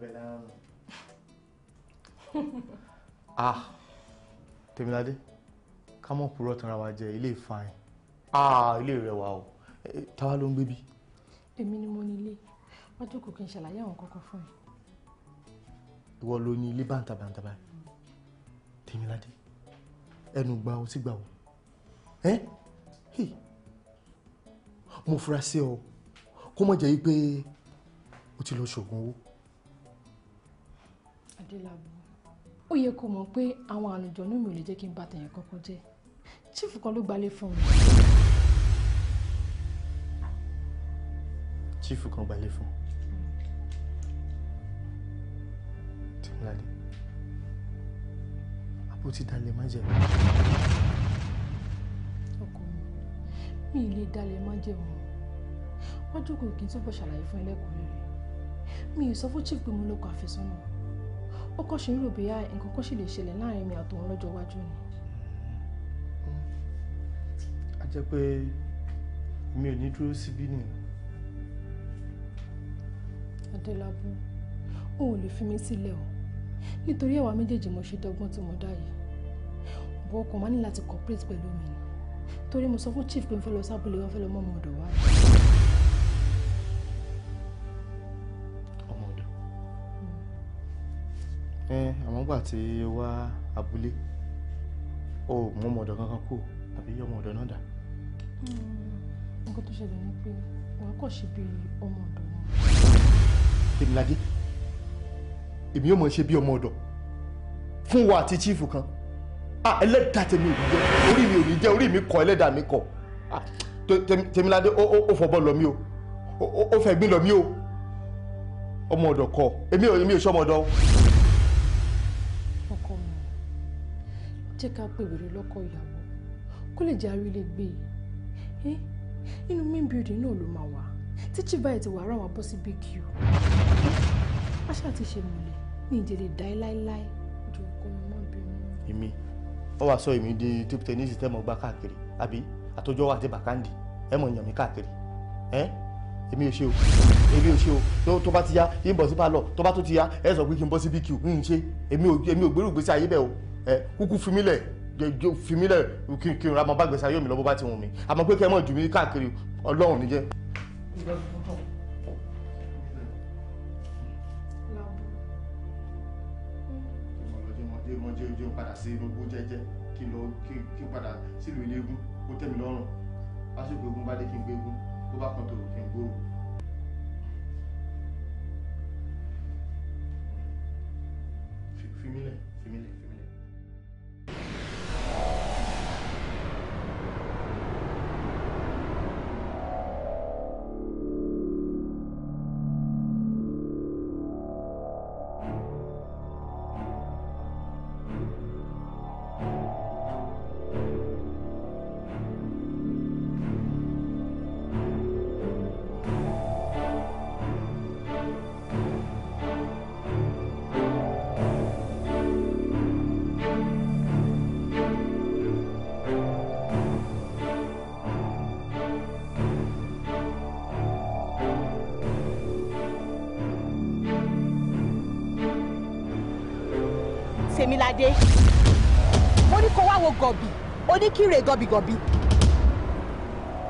verano. ah Tèmiládé ká mọ̀ purọ́ tanra wa jẹ ilé ìfàyìn ah ilé rẹwà o eh, eh, táwa ló baby? gbé bí. èmi ni mo ní ilé wọ́n jókòó kí n ṣàlàyé àwọn kọ́kọ́ fún ẹ. ìwọ ló ní ilé bàǹtàbàǹtà báyìí Tèmiládé ẹnu gba ọtí gbà o ẹ mo fura sí ọ kó mọ̀ jẹ́ yí o ti lọ ṣoògùn owó adélábù ó yẹ kó mọ̀ pé àwọn àlùjọ̀nú mi ò lè jẹ́ kí n bá tẹ̀yìn kankan jẹ́ chiefu kan ló gbalé fún mi. chiefu kan gbalé fún tìmíládé àbó ti dalẹ̀ má jẹ́ mi. ọkọ mi mi ì lè dalẹ̀ má jẹ́ mi wọ́n jókòó kí n túbọ̀ ṣàlàyé fún ẹlẹ́kùnrin rẹ̀ mi ì sọ fún chief pé mo lọ́kọ̀ àfẹ́sọ́nà ó kàn ṣe ń rò bóyá nǹkan kan ṣì lè ṣẹlẹ̀ láàrin mi àtòun lọ́jọ́ iwájú ni. Hmm. a jẹ́ pé mi ò ní dúró síbí nìyẹn. adélábù o ò lè fi mí sílẹ̀ o nítorí àwa méjèèjì mo ṣe dọ́gbọ́n tí mo dá yìí bó o kàn ní láti cooperate pẹ̀lú mi torí mo sọ fún chief pé mo fẹ́ lọ sábúlé wọn fẹ́ lọ mọ́ ọmọ ọ̀dọ̀ wa. ẹ àmọ́ gbà tí o wá abúlé o ò mú ọmọ ọ̀dọ̀ kankan kú àbí ọmọ ọ̀dọ̀ náà dà. Hmm, nǹkan tó ṣẹlẹ̀ ni pé wàá kọ̀ ṣe bí ọmọ ọ̀dọ̀ náà. Tèmiládé èmi yóò mọ̀ ṣe bí ọmọ ọ̀dọ̀ fún wa àti chiefu kan ẹlẹ́dàá tèmi ò ní jẹ́ orí mi ò ní jẹ́ orí mi kọ̀ ẹlẹ́dàá mi kọ̀ Tèmiládé ó fọbọ́ lọ mí o ó fẹ̀gbín lọ mí o ọmọ ọ̀dọ̀ kọ́ èmi ò èmi ò ṣọmọ ọ̀dọ̀ o. jẹ́ ká pè wèrè lọ́kọ ìyàwó kó lè jẹ́ àrílé gbé e eh, inú main building náà ló máa wà títí báyìí ti wà ara wọn bọ́ sí bq aṣáà ti ṣe mọ̀lẹ́ ní ìdílé dáí láíláí ju ọkọ mi má bínú. èmi wọ́n wá sọ èmi di table tennis tẹ́ mọ̀ gbá káàkiri àbí àtọjọ́ àti bàkáǹdì ẹ mọ̀ yàn mí káàkiri eh, èmi ò ṣe o èmi ò ṣe o tó bá ti yá yín bọ̀ sí pálọ̀ tó bá tó ti yá ẹ sọ pé kí n bọ́ sí bq ń ṣe èmi ò gbèrú ìgbésí ayé bẹ́ẹ̀ o ẹ kúkú fi mí lẹ̀ jẹjọ fi mí lẹ̀ kí n kí n ra mọ bá gbèsè ayé mi lọ bó bá ti wù mí àmọ́ pé kẹ́ ẹ mọ̀ jù mí káàkiri ọlọ́run níjẹ́. jẹ́ padà sí gbogbo jẹ́jẹ́ kí lọ kí padà sílùú iléegun kó tẹ́mi lọ́rùn lásìkò egun bá dé kí Adé mo ní kó wá wo gọ̀bì oníkìrè gọ̀bìgọ̀bì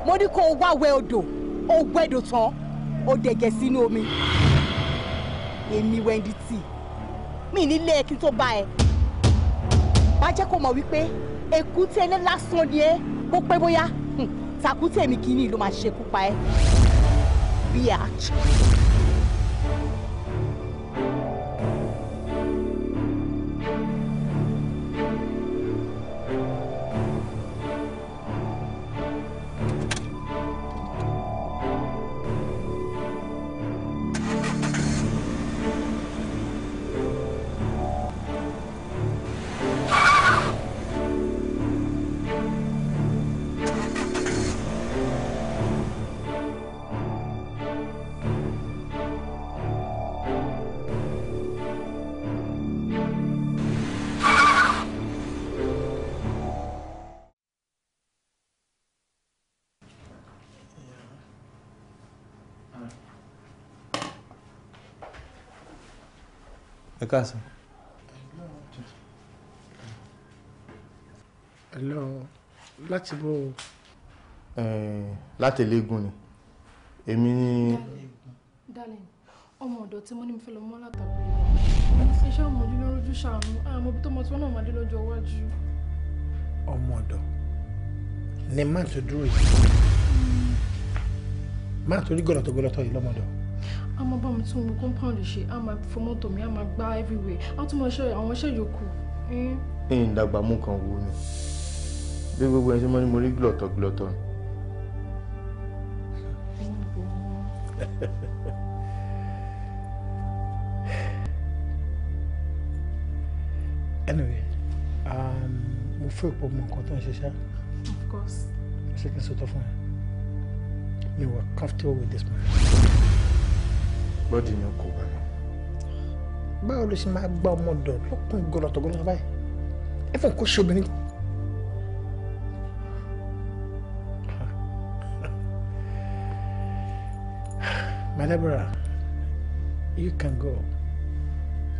mo ní kó wá wẹ odò ó gbẹ́dọ̀ tán ó dẹ̀gẹ̀ sínú omi èmi Wendy T mi nílé ẹkin tó bá ẹ má jẹ́ kó mọ̀ wípé èkúté ẹni lásán ni ẹ bó pẹ́ bóyá tàkúté mi kì í ní ìlú máa ṣekú pa ẹ bí i àjọ. ẹ káàsán. hello láti bó. Eh, láti eléégún ni èmi ni. darling ọmọ ọ̀dọ̀ tí mo ní mi fẹ́ lọ mọ́ látàgbé rẹ̀ iṣẹ́ ọmọdé ló rojú ṣàánú àmọ́ ah, bí tọmọ tí wọ́n náà máa dé lọ́jọ́ iwájú. ọmọ ọ̀dọ̀ ni má tó dúró yìí má torí gọlọtọgọlọtọ yìí lọmọdọ a máa bá mi tún mo compound ṣe a máa fọ mọ́tò mi a máa gbá everywhere a tún máa ṣe àwọn iṣẹ́ yòókù. ẹ̀yin dàgbà mú kan wo ni bí gbogbo ẹ ṣe mọ́ ni mo rí glọ̀tọ̀ glọ̀tọ̀ ni. anyway um, mo fẹ́ pọ̀ mọ nǹkan tó ń ṣe of course. ṣé kí n sọ tọ́ fún ẹ mi wà comfortable with this man bọ́dì ni kò bá mi. báwo ló ṣe máa gba ọmọ ọ̀dọ̀ lọ́kùn ìgọ̀rọ̀ tó báyìí ẹ fún ṣe obìnrin. my labourer you can go.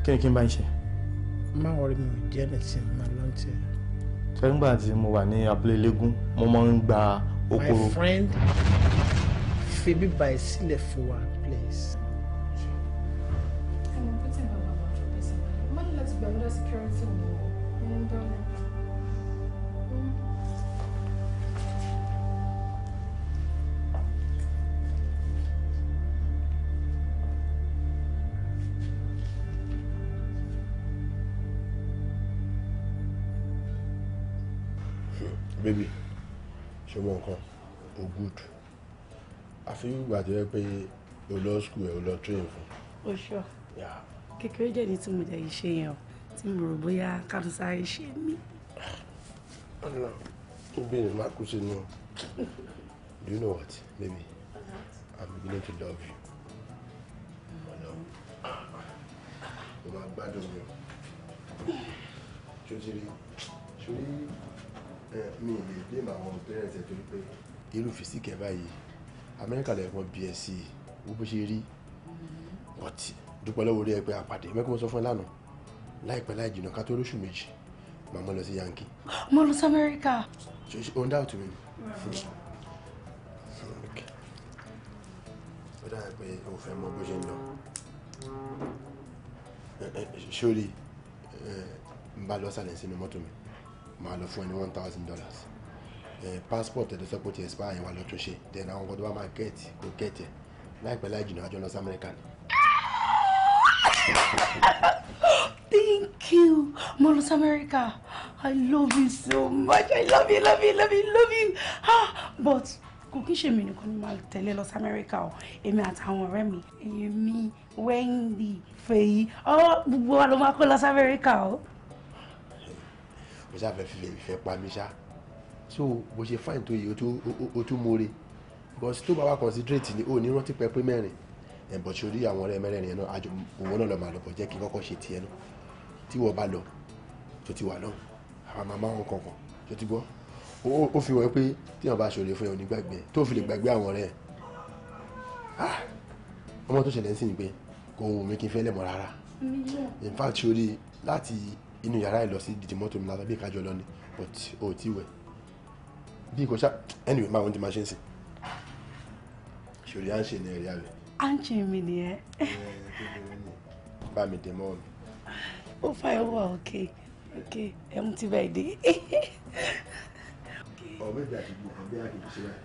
kí ni kí n bá ń ṣe. má wọrí mi ò jẹ́ ẹ̀ tí mo lọ́n tẹ. sẹ́gbà tí mo wà ní abúlé lẹ́gùn mo máa ń gba okoro. my friend fi bíbá ẹ sílẹ̀ fún wa. gbogbo nǹkan ó good àfi ìgbà tó yẹ pé o lọ school ẹ o lọ train fún. o sọ kékeré jẹ́ ní tí mo jẹ́ iṣẹ́ yẹn o tí mo rò bóyá kàdúsá iṣẹ́ mi. ọ̀nà obìnrin má kú sínú do you know what baby i'm beginning to love you. mo máa gbádùn mi o. ṣé o ti rí ṣé o rí mi ì lè blame àwọn parents ẹ̀ torí pé irú fisiki ẹ̀ báyìí amẹ́ríkà lẹ́ẹ̀kan bí ẹ̀ sí i wọ́n bó ṣe rí but dúpẹ́ lọ́wọ́ orí ẹ pé àpàdé mẹ́kún mo sọ fún ẹ lánàá láìpẹ́ láì jìnnà ká tó lóṣù méjì màá mọ́ lọ sí yankee. mo lọ sí amẹ́ríkà. ṣe ṣe ohun dáhùn mi ni. ó dára pé òun fẹ́ mọ bó ṣe ń lọ sórí n bá lọ sálẹ̀ sínú mọ́tò mi máa fún ẹ one thousand dollars passport ẹ̀ tó sọ pé ó ti expire yẹn lọ́tún ṣe then àwọn ọkọ̀ bá máa get kó get ẹ̀ láìpẹ́ láì jìnnà àjọ lọ sí Thank you, mo lọ sí Amẹ́ríkà. I love you so much. I love you, love you, love you, love you. Ah, but kò kí ṣe mi nìkan ni máa tẹ̀lé lọ sí amẹ́ríkà o èmi àtàwọn ọ̀rẹ́ mi èmi Wendy Fèyí ọ oh, gbogbo wa ló máa kó lọ sí amẹ́ríkà o mo sáfẹ́ fi ìfẹ́ pa mi ṣá so bó ṣe fáìn tó yìí ó tún mórè because tó bá wà considerate ni ó ní rántí pẹpẹ mẹ́rin ẹ̀bọ̀ tí o rí àwọn ọ̀rẹ́ mẹ́rẹ̀ẹ̀rin yẹn náà àjọ òun náà lọ màá lọ́kọ̀ jẹ́ kí n kọ́kọ́ ṣe tiẹ̀ náà tí wọ́n bá lọ tó ti wà lọ́hùn àwọn màmá wọn kankan tó ti gbọ́ ó fi wọ́n pé tí wọ́n bá ṣòro fún ẹ̀ onígbàgbé tó fi lè gbàgbé àwọn ọ̀rẹ́ ẹ̀ ah! ọmọ tó ṣẹlẹ̀ ń sìn pé kò wù mí kí n fẹ́ lẹ̀ mọ́ rárá in fact sori láti inú yàrá ẹ̀ lọ sí dìdì mọ́tò mi látọ̀ bí ìkájọ lọ ni but o ò wẹ̀ bí ìkọ́ ṣá anyway máa wọ́n ti máa ṣe ń sìn ṣòrí à ń ṣe ní ẹ̀rí àwẹ̀. à ń ṣe mi nìyẹn. Eh, bá mi dé mọ́ mi. ó fà ẹ́ wà òkè òkè ẹ̀ ń ti bẹ́ẹ̀ dé. ọ̀bẹ ìgbà tí gbogbo ọ̀bẹ àgbègbè ṣe wáyé.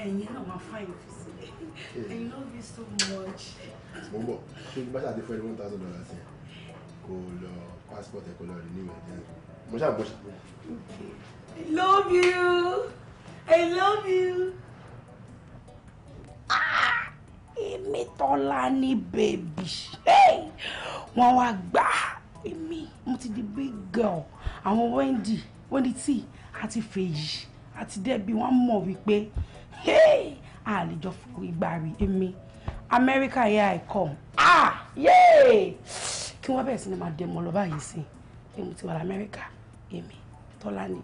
ẹ̀yin náà máa fún sí i I love you so much. mo ń bọ̀ ṣé o bá ṣàdé fún ẹni one thousand dollars yẹn kó lọ passport ẹ̀ kò rí níwẹ̀ dẹ́n mo ṣàgbọ́ ṣàgbọ́. I love you I love you. Ah! èmi tọ́lá ní bèbí wọ́n wá gbà èmi mo ti di big girl àwọn Wendy Wendy tí àti fèyí àti dẹ́bi wọ́n mọ̀ wípé àlejò fún ìgbà rí èmi America here I come ah yay. Yeah kí wọ́n bẹ̀rẹ̀ sí ni máa dẹ̀ mọ́ lọ báyìí sí pé mo ti wà lamẹ́ríkà èmi tọ́lá ni.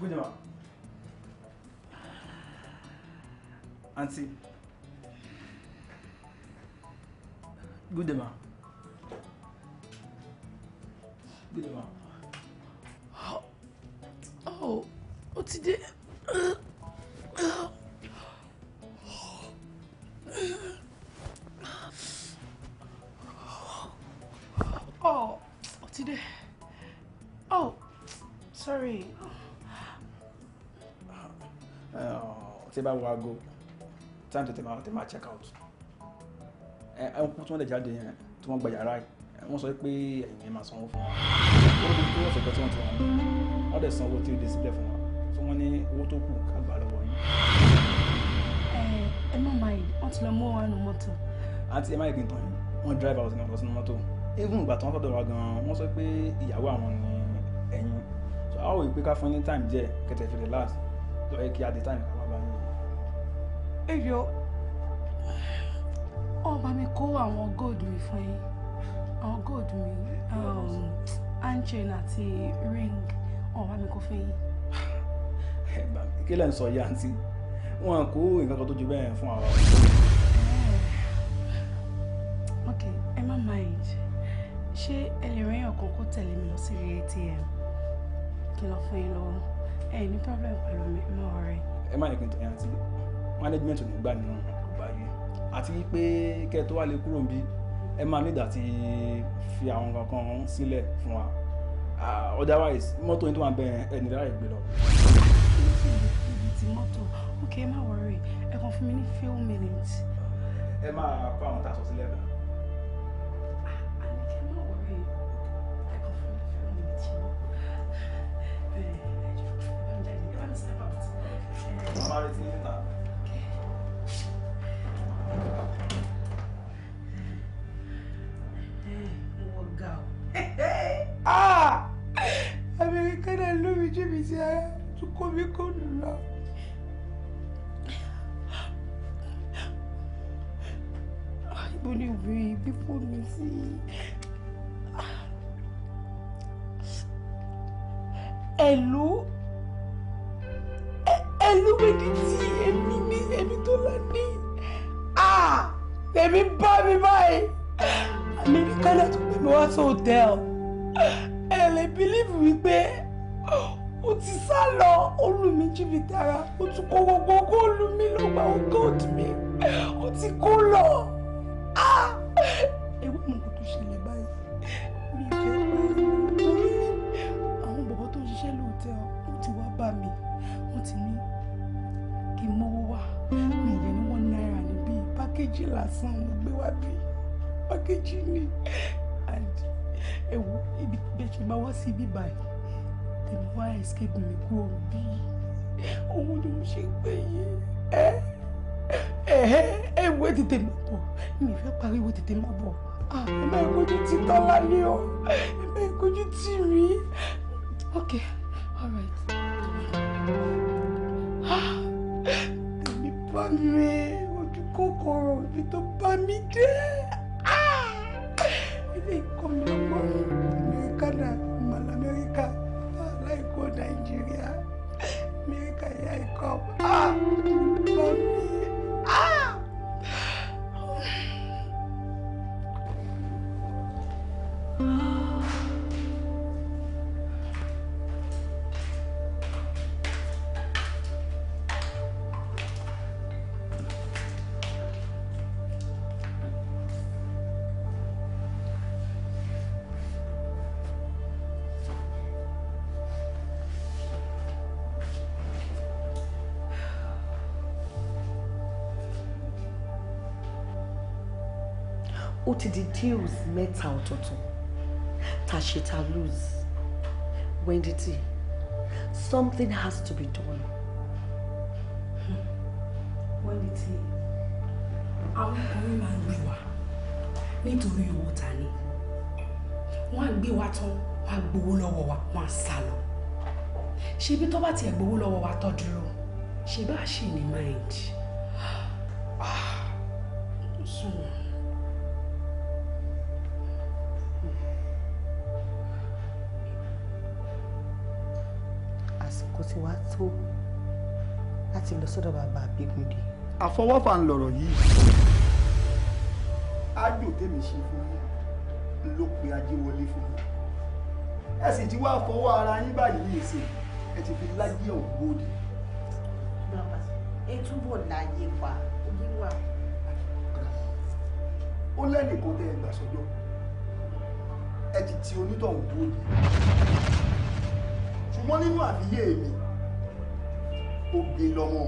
Gudema. job. Auntie. Good o oh, ó ti dé. Oh, ó ti dé. Oh, sorry. Oh, tí bá wo aago, time tètè máa tètè máa check out. Ẹ eh, ẹ kú tí wọ́n lè jáde yẹn tí wọ́n gba wọ́n sọ pé ẹ̀yìn ẹ̀ máa sanwó fún wa wọ́n ti tó ọ̀sẹ̀ kan tí wọ́n ti wọ́n wọ́n dẹ̀ sanwó tí ó dé sílẹ̀ fún wa tí wọ́n ní owó tó kù ká gbà lọ́wọ́ yín. ẹ má máa yìí wọ́n ti lọ mú wa nù mọ́tò. àti ẹ má yìí kì í tàn yín wọ́n dráìbà ọ̀sìn náà sínú mọ́tò even ìgbà tí wọ́n sọ̀dọ̀ wa gan-an wọ́n sọ pé ìyàwó àwọn ni ẹ̀yìn so a ó rí i pé ká fún ní time díẹ̀ kẹtẹ fi ọba mi kó àwọn góòdù mi yín oh god mi um, handchain àti ring wọn oh, wá mi kó fẹ́ yín. ẹ bá mi kí lẹ ń sọ yá àǹtí wọn kó nǹkan kan tó ju bẹ́ẹ̀ fún àwọn. Eh, ok ẹ má mind ṣé ẹ lè rẹ́yìn ọ̀kan kó tẹ̀lé mi lọ sí atm kí lọ fún yín lọ́wọ́ ẹ ní problem pẹ̀lú mi mọ́ ọ̀rẹ́. ẹ má nìkan tẹ̀yìn àǹtí management ò ní gbà nínú ọgbà yìí àti pé kẹ́ ẹ tó wá lè kúrò níbí ẹ máa nídà ti fi àwọn kankan sílẹ̀ fún wa otherwise mọ́tò yín tó máa bẹ ẹni láì gbé lọ. ibi tí mọ́tò ok ẹ má wọrí ẹ kàn fún mi ní few minutes. ẹ máa kó àwọn tá a sọ sílẹ̀ náà. Somebody to bize çok komik konular. Ay bu ne büyük bir Hello. Hello beni ti èmi ni èmi tó la ni. Ah! Èmi bá mi báyìí. Americana tó gbé mi wá hotel. hòtẹ́ẹ̀lì. believe lè bílíìfù wípé ó ti sá lọ olùmí jìbìtì ara ó tún kó gbogbo góòlù mi ló gba góòlù mi ó ti kó lọ. ewu mi kò tó ṣẹlẹ̀ báyìí mi ò fẹ́ báyìí torí àwọn bọ̀bọ̀ tó ń ṣiṣẹ́ lóòótọ́ ó ti wá bá mi wọ́n ti ní kí n mówó wá mi ìyẹn ní wọ́n náírà níbí pákéjì lásán mo gbé wá bí pákéjì ni and ewu ibi bẹ́ẹ̀ ṣe máa wá sí ibi báyìí tèmi wá escape mi kúrò bí òun ni mo ṣe gbé yìí ẹ ẹ ẹ wo ẹ tètè má bọ̀ mi fẹ́ pariwo tètè má bọ̀ ẹ má kojú ti tọ́lá ni o ẹ má kojú ti rí okay all right. èmi bá mi ojú kòkòrò mi tó bá mi dé ilé ìkọ́ni ọgbọ́n mi kánà màlámẹ́ríkà ọmọ Nigeria, make i come ah mami. ti di deals mẹ́ta ọ̀tọ̀ọ̀tọ̀ ta ṣe ta lose Wendy T something has to be done. Hmm. Wendy T àwọn ọkùnrin máa ń lù wá nítorí owó ta ni wọ́n á gbé wa tán wọ́n á gbowó lọ́wọ́ wa wọ́n á sá lọ ṣebí tó bá tiẹ̀ gbowó lọ́wọ́ wa tó dúró ṣebí àṣì ní mind. sọ́dọ̀ bàbá Abígúndé. àfọwọ́fà ń lọ̀rọ̀ yìí ájò tèmi ṣe fún yín ló pe ajé wọlé fún yín ẹ sì ti wá fọwọ́ ara yín báyìí ní ìsìn ẹ ti fi láyé ògbóni. bàbá ẹ túbọ̀ láyé pa oníwà. ó lẹ́nìkan tẹ ẹgbà sọ́jọ́ ẹ ti ti onítọ̀hún dúró ṣùgbọ́n nínú àfiyé mi obe lọ́mọ.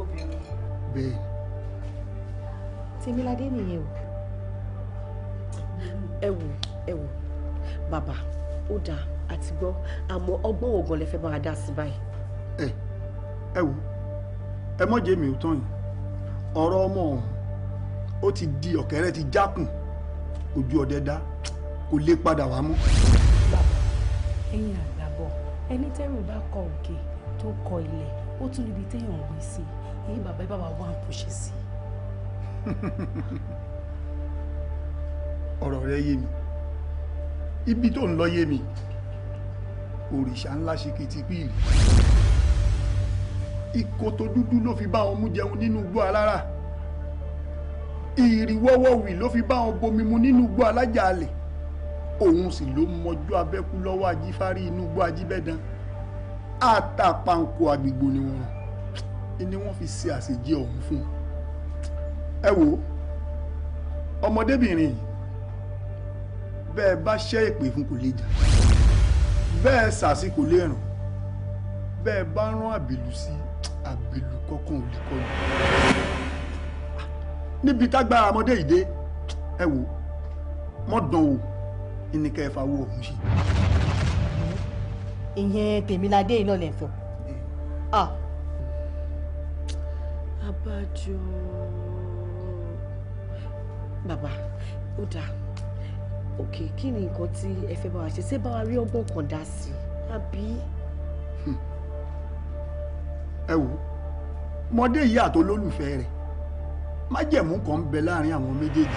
obìnrin. bẹ́ẹ̀. tèmiládé nìyẹn o ẹ wò ẹ wò bàbá ó dáa àti gbọ́ àmọ́ ọgbọ́n ògùn lè fẹ́ bá wa dá sí báyìí. ẹ ẹ wò ẹ mọ̀ jẹ́ mi ò tán yìí ọ̀rọ̀ ọmọ ọ̀hún ó ti di ọ̀kẹ́rẹ́ ti jákùn ojú ọdẹ dá kò lè padà wá mú. bàbá ẹ̀yin àgbàbọ̀ ẹni tẹ́rù bá kọ òkè tó kọ ilẹ̀ ó tún níbi téèyàn gbé sí i ní bàbá ẹ bá wa wá ṣe sí i. ọ̀rọ̀ rẹ yé mi ibi tó ń lọ yé mi òrìṣà ńlá ṣe kìtìpìlì ìkòtò dúdú ló fi bá wọn mú jẹun nínú igbó alára ìrìwọ́wọ́ wì ló fi bá wọn bomi mu nínú igbó alájàalẹ̀ òun sì ló mọjú abẹ́kú lọ́wọ́ ajífárí inú igbó ajíbẹ́dán àtàpàǹkò àgbègbò ni wọ́n ni wọ́n fi ṣe àṣejẹ ọ̀hún fún un. ẹ wo ọmọdébìnrin yìí bẹ́ẹ̀ bá ṣẹ́ èpè fún kò lè jà bẹ́ẹ̀ ṣàṣì kò lè rùn bẹ́ẹ̀ bá rán àbèlú sí àbèlú kọ́kàn ò lè kọlù. níbi tágbára ọmọdé yìí dé ẹ wo mọ́ dán ní kẹ́ ẹ fa owó òun ṣe. ìyẹn tèmíládé iná lè sọ. Ah. abájọ bàbá ó dáa òkè kí ni nǹkan tí ẹ fẹ́ bá wa ṣe ṣé bá wa rí ọgbọ́n kan dá sí i àbí. ẹ wò mọdé yìí àtolólùfẹ́ rẹ̀ májẹ̀mú kan ń bẹ láàrin àwọn méjèèjì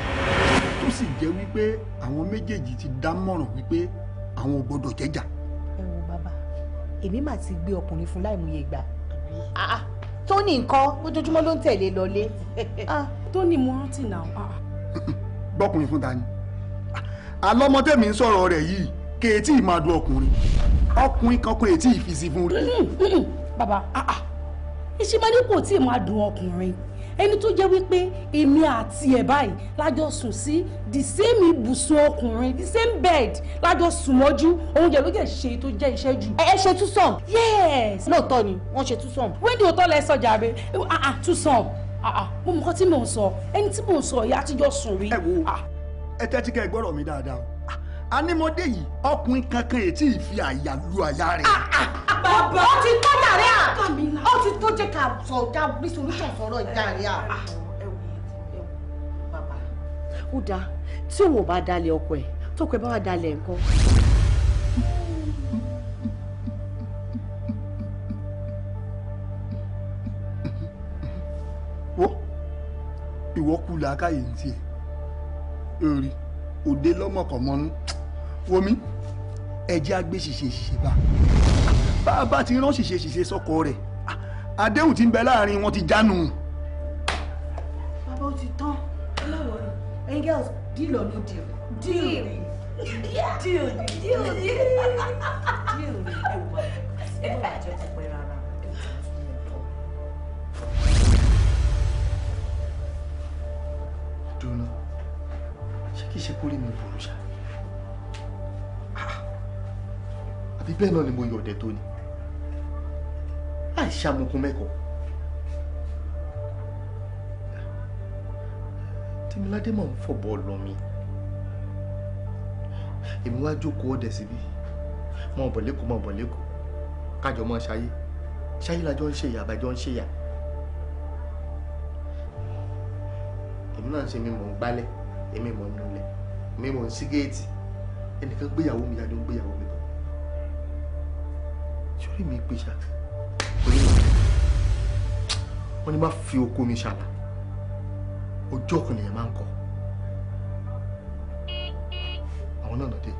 tó sì jẹ́ wípé àwọn méjèèjì ti dámọ̀ràn wípé àwọn ò gbọ́dọ̀ jẹ́jà. ẹ wo bàbá èmi mà ti gbé ọkùnrin fún láìmúye ìgbà ah, ah, tóní nǹkan ojoojúmọ́ ló ń tẹ̀lé lọlé. Ah, tóní mo rántí náà. gbọ́kùnrin fún ta ni alọ́mọ tèmi ń sọ̀rọ̀ rẹ̀ yìí kéétì máa du ọkùnrin ọkùnrin kankan ètí ìfisi fún rẹ. bàbá ìṣèmọ́lẹ́ kò tí ì máa dùn ọkùnrin ẹni tó jẹ́ wípé èmi àti ẹ̀ báyìí lájọ sùn sí the same ibùsùn ọkùnrin the same bed lájọ sùn mọ́jú oúnjẹ ló jẹ́ ṣe tó jẹ́ iṣẹ́ jù. ẹ ṣe túsàn. yes lóòótọ́ ni wọ́n ṣe túsàn. wíńdì òótọ́ lẹ sọ jàre ah, ah, túsàn ah, mo mọ̀ kọ́ tí mò ń sọ ẹni tí mò ń sọ ìyá àtijọ́ sùn rí. ẹ wo ẹ tẹ́tí kẹ́ ẹ gbọ́rọ̀ mi dáadáa anímọ̀dé yìí ọkùnrin kankan ètí ìfi àyà lu àyà rẹ̀ bàbá ó ti tó jàre à ó ti tó jẹ́ ká sọ ọ̀dà bí solution sọ̀rọ̀ jàre à. Ah, bàbá ó dáa tí òun ò bá dalẹ̀ ọkọ ẹ̀ tó kọ ẹ bá wà dalẹ̀ nǹkan. wo ìwọ kú làákàyè ń tiẹ̀ èrè òde lọ́mọkànmọ́nú wọmi ẹ̀jẹ̀ agbésìṣe ṣiṣẹ́ bá bá a bá ti rán ṣìṣe ṣìṣe sọkọ rẹ̀ ah, àdéhùn tí ń bẹ láàrin wọn ti jánu. bàbá ó ti tán ẹlẹ́wọ̀ rẹ̀ angels deal or no deal. deal deal deal deal ẹ̀wà ẹ̀wà àjọ ti pẹ́ rárá. dunu ṣé kìí ṣe kórè mi burú ṣá ah, àbí bẹ́ẹ̀ náà ni mo yọ̀ ọ̀dẹ̀ tó ni. Aisha Mokumeko. Tèmiládé máa ń fọ̀bọ̀ lọ mi. Èmi wá jókòó ọ̀dẹ̀ síbí. Mọ ọ̀bọ̀ lẹ́kọ̀ọ́ mọ ọ̀bọ̀ lẹ́kọ̀ọ́. Kájọ mọ ṣayé. Ṣayé lajọ ń ṣèyà àbájọ ń ṣèyà. Èmi náà ń ṣe mi mò ń gbálẹ̀. Èmi mò ń nulẹ̀. Èmi mò ń sí géètì. Ẹnìkan gbéyàwó mi yá ló ń gbéyàwó mi bọ̀. Sórí mi gbèsà wọ́n ní má fi oko mi ṣàlà ojú ọkùn lèyàn máa ń kọ àwọn náà nàdé.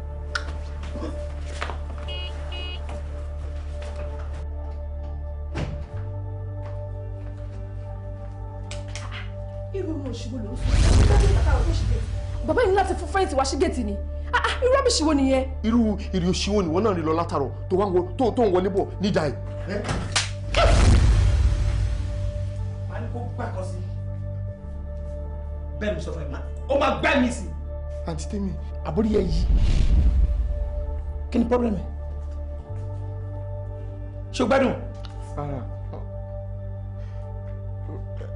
irú ọmọ òṣìwò ló ń sọ bàbá yìí ní láti fún fẹ́ǹtì wá sí gẹ̀ẹ́tì ni ah, ah, irú rọ́bìṣì wo nìyẹn. irú ìrì òṣìwò nìwọ náà rí lọ látàrọ tó ń wọlé bọ̀ nídàá yìí. bẹ́ẹ̀ mi sọ fún ẹ ma ó máa gbá mi sí. àǹtí tèmi àbórí ẹ yí kí ni problem ẹ ṣé o gbádùn. rárá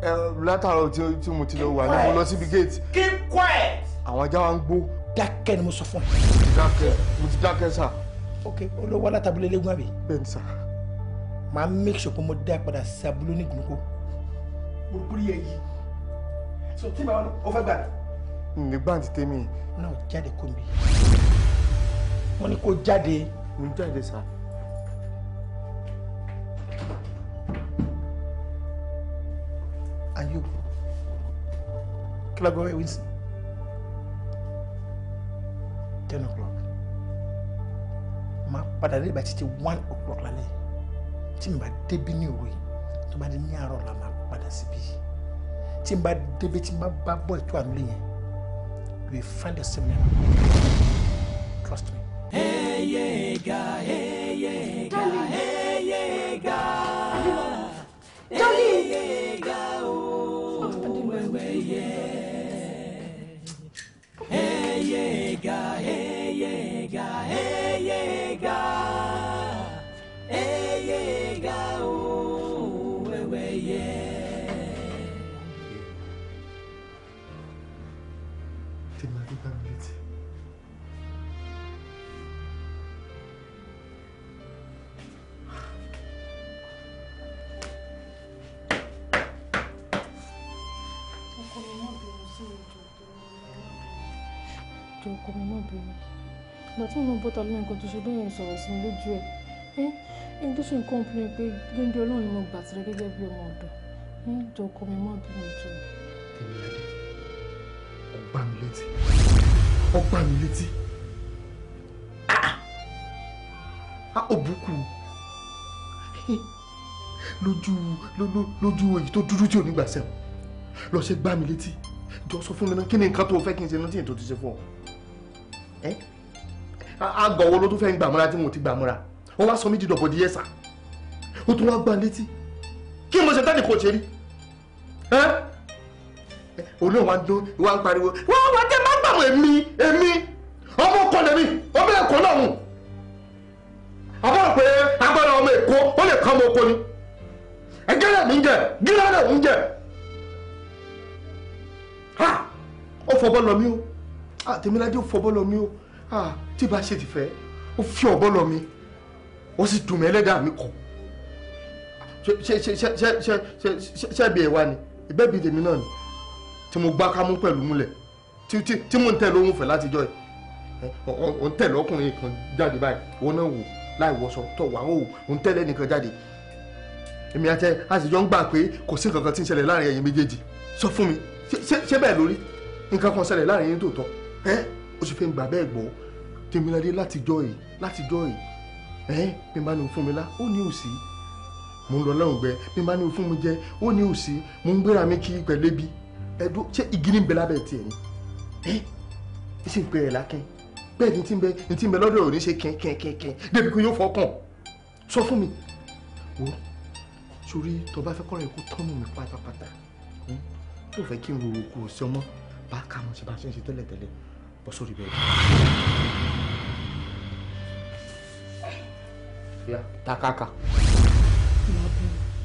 ẹ látàárọ̀ tí mo ti lọ wà ní mo lọ síbi gate. keep quiet. àwọn ajá wa ń gbó. dákẹ́ ni mo sọ fún ẹ. dákẹ́ mo ti dákẹ́ sà. ok olówó alátabulẹ̀ lẹ́gùn àbí. bẹ́ẹ̀ni sà. màá make sure pé mo dá padà sí abúlé onígun kó. mo rí ẹ yìí so tí màá ó fẹ́ gbà mí. mi gbà ní tèmi. náà jáde kó mi wọ́n ní kó jáde. mo ń jáde sá. ayé o kí ló gbọ́ ẹ wí sí ten o'clock máa padà dé ìgbà títí one o'clock lálẹ́ tí mi bá débi ní òwe tó bá dé ní àárọ̀ la máa padà síbí. Si tí n bá débi tí n bá bá bọ́ ètò àmì yẹn you will find the same name trust me. eyega eyega eyega eyega ooo wẹ́wẹ́ yẹ eyega eyega. obìnrin ìgbà tí mo náà bọ́ta lóyún nǹkan tó ṣe bẹ́ẹ̀ sọ̀rọ̀ sí mi lójú ẹ̀ ẹ́ ẹni tó ṣe ń complain pé gbẹ́ngẹ́ ọlọ́run ni mo gbà tirẹ̀ gẹ́gẹ́ bí ọmọ ọ̀dọ̀ ẹ́ jọ ọkọ mi má bínú jù. èmi adé ó gbá mi létí ó gbá mi létí á ò bùkù lójú lójú èyí tó dúdú tí ò ní gbà sẹ́wọ̀n lọ ṣe gbá mi létí jọ sọ fún mi náà kí ni nǹkan tó fẹ́ kí n ṣe náà tí èyí tó ti ṣe fún ọ àgọ̀ wo ló tún fẹ́ ń gbàmúra tí mo ti gbàmúra wọ́n wá sọ mí di dọ̀bọ̀ di yẹ́sà ó tún wá gbà létí kí mo ṣe tẹ́lẹ̀ kò ṣe rí olóò wa dún wa ń pariwo wọ́n wá tẹ́ máa gbàmù èmi èmi ọmọ ọkọ lèmi ọmọ ẹ̀kọ́ náà hùn àbọ̀ pé agbára ọmọ èkó ó lè kọ́ ọmọ oko ni ẹgẹ́rẹ́ mi ń jẹ gíláàrẹ̀ mi ń jẹ ó fọwọ́ lọ mí o ah Tèmiládé ó fọbọ́ lọ mí o ah tí bá ṣe ti fẹ́ ó fi ọ̀bọ lọ mí ó sì dùn mí ẹlẹ́dàá mi kọ̀ ṣe ṣe ṣe ṣe ṣe ṣe ṣe bí ẹ wá ni ìbẹ́ bí tèmi náà ni tí mo gbá kámú pẹ̀lú múlẹ̀ tí tí tí mò ń tẹ̀ lóhùn fẹ̀ látijọ́ ẹ̀ ò ń tẹ̀lé ọkùnrin kan jáde báyìí òun náà wò láì wọṣọ tó wà ó ò ń tẹ̀lé nìkan jáde èmi àti àtijọ́ ń gbà pé kò sí nǹkan kan tí ń ṣẹlẹ̀ láàrin ẹ̀yin méjèèjì sọ fún mi ṣé bẹ́ẹ̀ lórí nǹkan kan ṣẹlẹ̀ láàrin yín tòótọ́ ẹ́ o sì fi ń gbà bẹ́ẹ̀ gbọ́ tèmílàdé látijọ́ yìí látijọ́ yìí ẹ́ bí n bá ní fún mi lá ó ní òsì mò ń lọ lọ́hùn gbẹ bí n bá ní fún mi jẹ ó ní òsì mò ń gbéra mi kí pẹ̀lú ebi ẹ̀dùn ṣé igi ní bẹ lábẹ́ tiẹ̀ ni ẹ́ ẹ sì ń pè é lákẹ́ bẹ́ẹ̀ ni ti ń bẹ ni ti ń bẹ lọ́dọ̀ òní ṣe kẹ́kẹ́kẹ́kẹ́ débi kí yóò fọkàn sọ fún mi wò ó sórí tó bá fẹ́ kọ́ra ikú tọ́nù mi pátápátá tó fẹ́ kí n ro okòó sí ọmọ bá kà mọ́ ṣe bá ṣe ń ṣe tẹ́lẹ̀tẹ́lẹ̀ bọ́ sórí bẹ́ẹ̀. ya takaka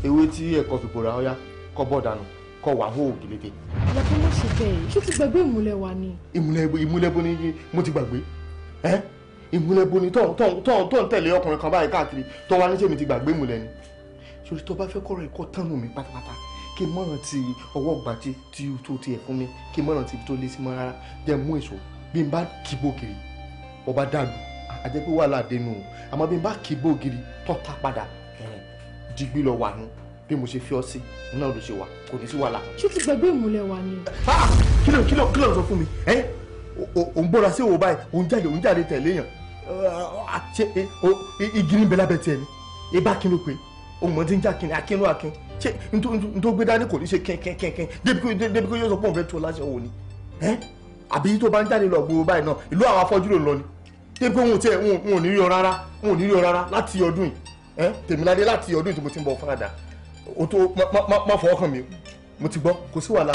ewé tí ẹ̀kọ́ fi pòórá ọ̀yá kọ́ bọ́ dànù kọ́ wà hó ògìlédè. ìyàtọ̀ má ṣe bẹ́ẹ̀ ṣó ti gbàgbé ìmúlẹ̀ wa ni. ìmúlẹ̀ ìmúlẹ̀ bó ni mo ti gbàgbé ẹ́ ìmúlẹ̀ bó ni tọ̀ tọ̀ ń tẹ̀lé ọkùnrin kan báyìí káàkiri tó wá níṣẹ́ mi ti gbàgbé ìmúlẹ̀ ni. sori tó bá fẹ́ kọ́rọ̀ ẹ̀kọ́ tánu mi pátápátá kí mọ̀ràn ti ọwọ́ gbàtí tí tó tiẹ̀ fún mi kí mọ̀ràn ti tó lé sí mọ́ rárá jẹ́ mú èso bí n bá kíbo kiri wọ́n bá dàlú àjẹ́ pé wàhálà dénú o àmọ́ bí n bá kíbo kiri tọ́ta padà jígbí lọ wà nù bí mo ṣe fi ọ sí náà ló ṣe wà kò ní sí wàhálà. ṣé o ti gbàgbé ìmùlẹ̀ wà ni. kílò kílò kílò sọ fún mi ò ń bọ́ra sí òwò báyìí ò ń jáde ò ń jáde tẹ̀lé yàn igi ní bẹ́lá bẹ́ẹ̀ tiẹ̀ ni ibà kí ló pe òun mọ̀ ti ń já kí akínú akín ṣé n tó gbé dání kò ní ṣe kínkínkín débi kó yóò sọ pé òun fẹ́ tó láṣẹ òun ni àbí tó bá ń jáde lọ gbogbo báyìí náà ìlú àwọn afọ́jú ló ń lọ ni dé pé wọn ò tiẹ̀ wọn ò ní rí ọ rárá wọn ò ní rí ọ rárá láti ọdún yìí ẹ tèmíládé láti ọdún yìí tí mo ti ń bọ fáradà o tó má fọ ọkàn mi mo ti gbọ́ kò sí wàhálà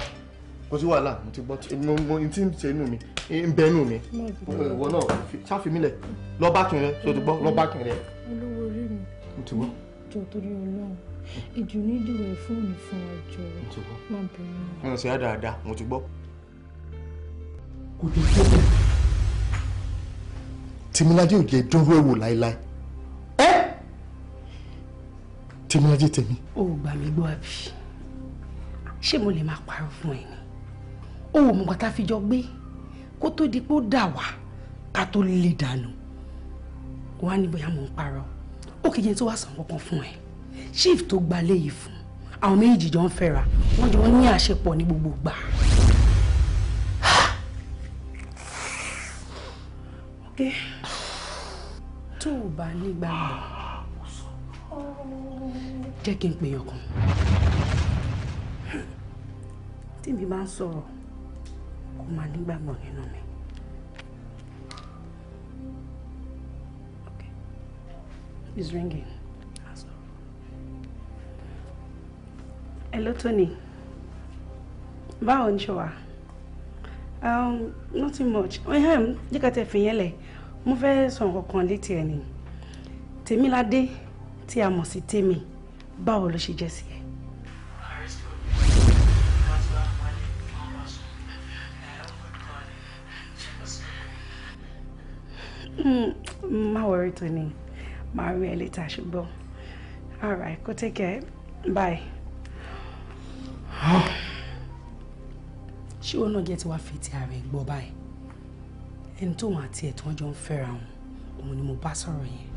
kò sí wàhálà mo ti gbọ́ mo ti ń ṣe inú mi ń bẹ inú mi ìwọ náà ṣàfimílẹ̀ lọ́bàkìn rẹ o ti gbọ́ lọ́bàkìn rẹ. olówó orí mi mo ti gbọ́. jọ torí Ọlọ́run ìdùnnú ìdùnnú ẹ fún ọjọ́ mo ti gbọ́ mo ti gbọ́ kò lè jẹ́ bẹ́ẹ̀. tìmíládé ò jẹ́ dánwó ẹ̀ wò láéláé ẹ́ tìmíládé tèmi. o ò gbà mí gbọ́ àbí ṣé mo lè máa parọ́ fún ẹ ni o ò mọ̀ kátà fìjọ gbé kó tó di pé ó dà wá ká tó lè dànù wá ní bóyá mò ń parọ́ ó kì í jẹ́ tó wá sàn kankan fún ẹ chief tó gbalẹ̀ yìí fún àwọn méjì jọ ń fẹ́ra wọ́n jọ ní àṣepọ̀ ní gbogbo gbà. dé tó o bá nígbàgbọ́ jẹ́ kí n pèèyàn kan tèmi bá ń sọ̀rọ̀ kó máa nígbàgbọ́ nínú mi. Okay. It's ringing. Hello Tony. Báwo ń ṣe wà? Um, nothing much. Oh, um, jẹ́ ká tẹ̀ fìyẹn lẹ̀, mo fẹ́ sọ nǹkan kan létí ẹ̀ ni. Tèmiládé tí a mọ̀ sí Tèmi, báwo ló ṣe jẹ́ sí ẹ? Hmm, má wọrí tó ni, máa rí ẹ létà ṣùgbọ́n. All right, go take care. Bye. Ah ṣé òun náà jẹ́ ti wá fi ti ààrẹ gbọ́ báyìí ẹni tóun àti ẹ̀tàn jọ ń fẹ́ra wọn òun ni mo bá sọ̀rọ̀ yẹn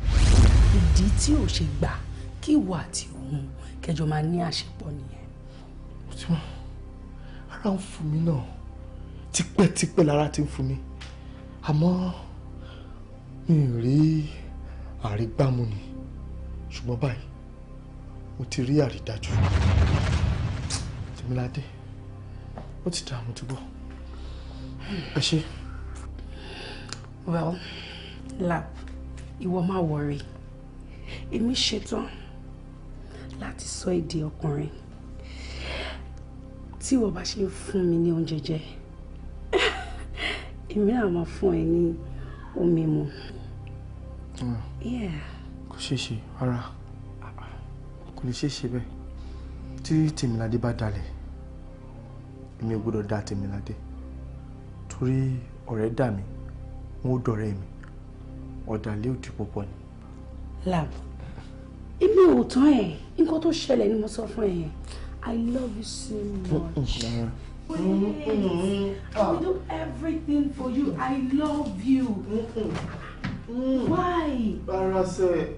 ìdí tí ò ṣe gbà kí ìwọ àti òun kẹjọ máa ní àṣepọ̀ nìyẹn. ara ń fún mi náà tipẹ́tipẹ́ lára ti ń fún mi àmọ́ mi ò rí àrígbámu ni ṣùgbọ́n báyìí mo ti rí àrídájú tèmiládé ó ti dààmú ti gbọ́ ẹ ṣe. well lab ìwọ má wọrí èmi ṣetán láti sọ èdè ọkùnrin tí ìwọ bá ṣe ń fún mi ní oúnjẹ jẹ èmi náà máa fún ẹ ní omi mu. Hmm. kò ṣeé ṣe rárá kò lè ṣeé ṣe bẹ́ẹ̀ tí tèmíládé bá dalẹ̀ èmi ò gbọ́dọ̀ dá tèmi ládé torí ọ̀rẹ́ dà mí wọn ò dọ̀rẹ́ mi ọ̀dàlẹ́ òdì púpọ̀ ni. lab èmi ò tán ẹ nǹkan tó ṣẹlẹ̀ ni mo sọ fún ẹ yẹn i love you so much. Wait, mm-hmm. I will do everything for you. I love you. Mm-hmm. Why? Ara sẹ́ẹ̀.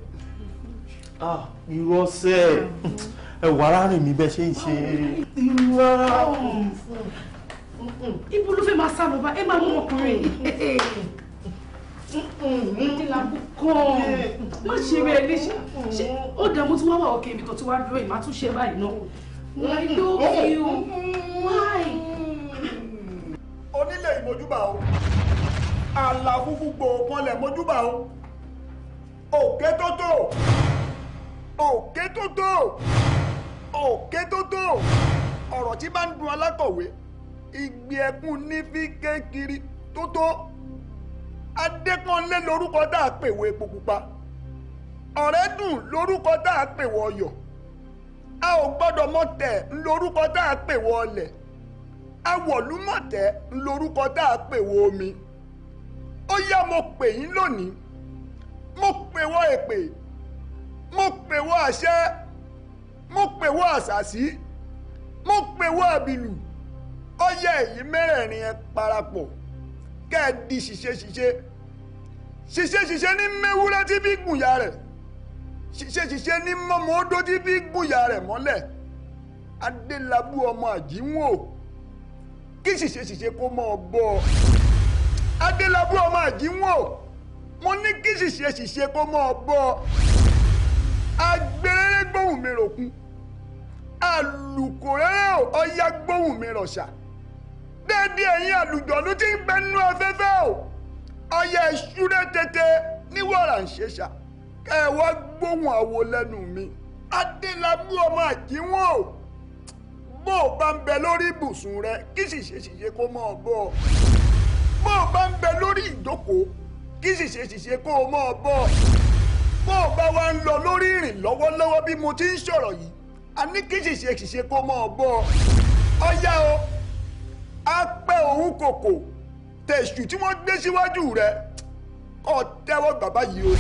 Ah, irọ́ sẹ́ẹ̀ ẹ wà aráàlú mi bẹ́ẹ̀ ṣe ń ṣe. ìwà ibo ló fẹ́ máa sá lọ bá ẹ máa mú ọkùnrin má ṣe rẹ léṣe ṣe ó dààmú tí wọ́n wà òkè ibi tó ti wá dúró ìmá tún ṣe báyìí náà. wọ́n ló fi o wáì. onílé ìmọ̀júbà o àlàfo gbogbo pọnlẹ̀ mọ́júbà o òkè tó tó òkè tó tó. òkétótó ọ̀rọ̀ tí bá ń dun alákọ̀wé ìgbé ẹkún ní fi ké kiri tó tó adékànlé lórúkọ tá a pèwọ epo pupa ọ̀rẹ́dùn lórúkọ tá a pèwọ ọyọ̀ a ò gbọ́dọ̀ mọ̀tẹ̀ lórúkọ tá a pèwọ ọlẹ̀ awọ̀lúmọ̀tẹ̀ lórúkọ tá a omi ó yá mo pè yín lónìí mo pèwọ èpè mo pèwọ àṣẹ. mo pè wọ́ àṣàṣì mo pè wọ́ àbìlù ọyẹ èyí mẹ́rẹ̀ẹ̀rin ẹ parapọ̀ kẹ́ ẹ di ṣiṣẹ́ ṣiṣẹ́ ṣiṣẹ́ ṣiṣẹ́ ní mẹ́wúrẹ́ tí bí gùnyà rẹ̀ ṣiṣẹ́ ṣiṣẹ́ ní mọ́mọ́ odó tí bí gùnyà rẹ̀ mọ́lẹ̀ adélábù ọmọ àjíwò kí ṣiṣẹ́ ṣiṣẹ́ kó mọ́ ọ bọ́ ọ adélábù ọmọ àjíwò mo ní kí ṣiṣẹ́ ṣiṣẹ́ kó mọ́ ọ bọ́ ọ agbèrè ayé gbóhùn mi ròkun àlùkò rẹ́rẹ́ ò ọya gbóhùn mi rọ̀ṣà déédé ẹ̀yin àlùjọ̀nú tí ń bẹ nínú afẹ́fẹ́ ò ọya ìṣúré tètè ní wàrà ń ṣèṣà kẹ ẹ wá gbóhùn àwo lẹ́nu mi adélábù ọmọ àjíwọ̀n ò bó o bá ń bẹ lórí ibùsùn rẹ kí sì ṣe ṣìṣe kó mọ́ ọ bọ́ ọ bó o bá ń bẹ lórí ìjókòó kí sì ṣe ṣìṣe kó o mọ́ ọ bọ́ ọ bó o bá wa ń lọ lórí ìrìn lọ́wọ́lọ́wọ́ bí mo ti ń sọ̀rọ̀ yìí a ní kí ṣìṣe ṣìṣe kó mọ́ ọ gbọ́ ọ. ọyá o a pẹ́ òun kòkò tẹ̀sù tí wọ́n gbé síwájú rẹ̀ kọ́ ọ tẹ́wọ́ bàbá yìí o.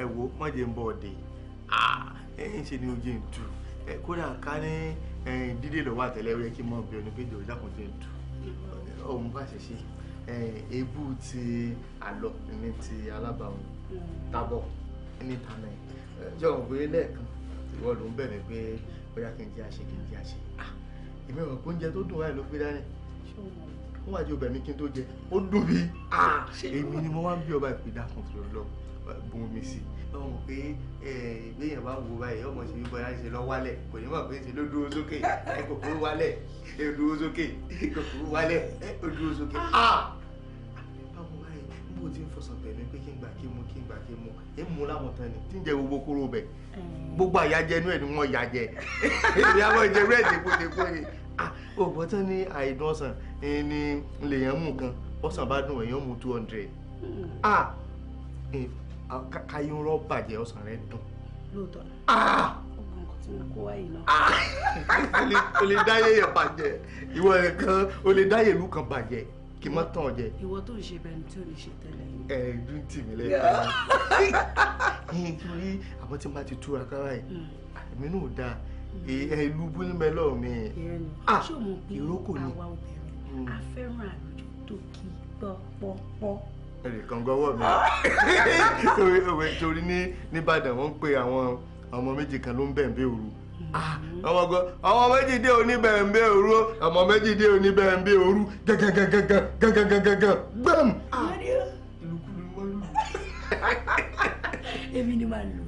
ẹ wo mọ̀jẹ̀ ń bọ̀ ọ̀dẹ̀ ẹ̀ ń ṣe ni ojú ń tu kódà ká ní dídè lọ́wọ́ àtẹ̀lẹ́wọ́ yẹ kí n mọ̀ bí ọ ní péjọ ìdákùnjẹ́ ń tu ọ̀hún bá ṣe ṣe ebú ti àlọ́ mm. ní ti alábàáwò tabo ní tànà ẹ̀ jọ̀wọ́ pé lẹ́ẹ̀kan ìwọ ló ń bẹ̀ mí pé bóyá kí n jẹ́ àṣẹ kí n jẹ́ àṣẹ ah, èmi ò kó oúnjẹ tó dùn wáyé ló gbé o ó wà jẹ́ ọbẹ̀ mi kí n tó jẹ ó dùn bí ah, èmi ni mo wá ń bí ọba ìpè dákun tó lọ bùn mi sí i ọmọ pé ìgbéyàn bá wo báyìí ọmọ ṣe bí bọ́lá ṣe lọ wálẹ̀ kò ní mọ̀ pé ṣe ló dúró sókè kòkòrò wálẹ̀ kòkòrò wálẹ̀ kòkòrò wálẹ̀ ó dúró sókè. Ah ó ti ń fọsàn bẹ̀ mí pé kí n gbà kí mu kí n gbà kí mu èyí mú láwọn tán ni tí ń jẹ gbogbo kúrò bẹ̀ gbogbo àyájẹ inú ẹ̀ ni wọ́n yà èmi àwọn ìjẹ rẹ̀ dèpòdèpò ni ògbọ́n tán ní àìdùn ọ̀sán ni lèèyàn mú kan ọ̀sán bá dùn èèyàn mú two hundred ah, káyọ̀ rọ̀ bàjẹ́ ọ̀sán rẹ̀ dùn. lóòótọ́ ah! náà o ah! lè dáyé yẹn bàjẹ́ ìwọ nìkan o lè dáyé ìlú kan bàjẹ́ kí n má tàn jẹ. ìwọ tó ń ṣe bẹni tí ò ní ṣe tẹ́lẹ̀. ẹ ẹdun tì mí lẹ́yìn. nítorí àmọ́ tí n bá ti túra kára ẹ̀ hmm. èmi náà dáa ìlú búnímẹ́lọ̀ mi. Ah, ṣé mo àwa obìnrin hmm. a fẹ́ràn àlùjọ tó kí pọ́pọ́pọ́ ẹnìkan gọwọ mi torí ní Ìbàdàn wọ́n ń pe àwọn ọmọ méjì kan ló ń bẹ̀ ń bẹ̀ òru Ah. ọmọ ọmọ méjì dé oníbẹ̀ẹ̀mbẹ̀ òru ọmọ méjì dé oníbẹ̀ẹ̀mbẹ̀ òru gẹ́gẹ́gẹ́gẹ́gẹ́gẹ́gẹ́gẹ́ gbẹ́m. èmi ni màá lò.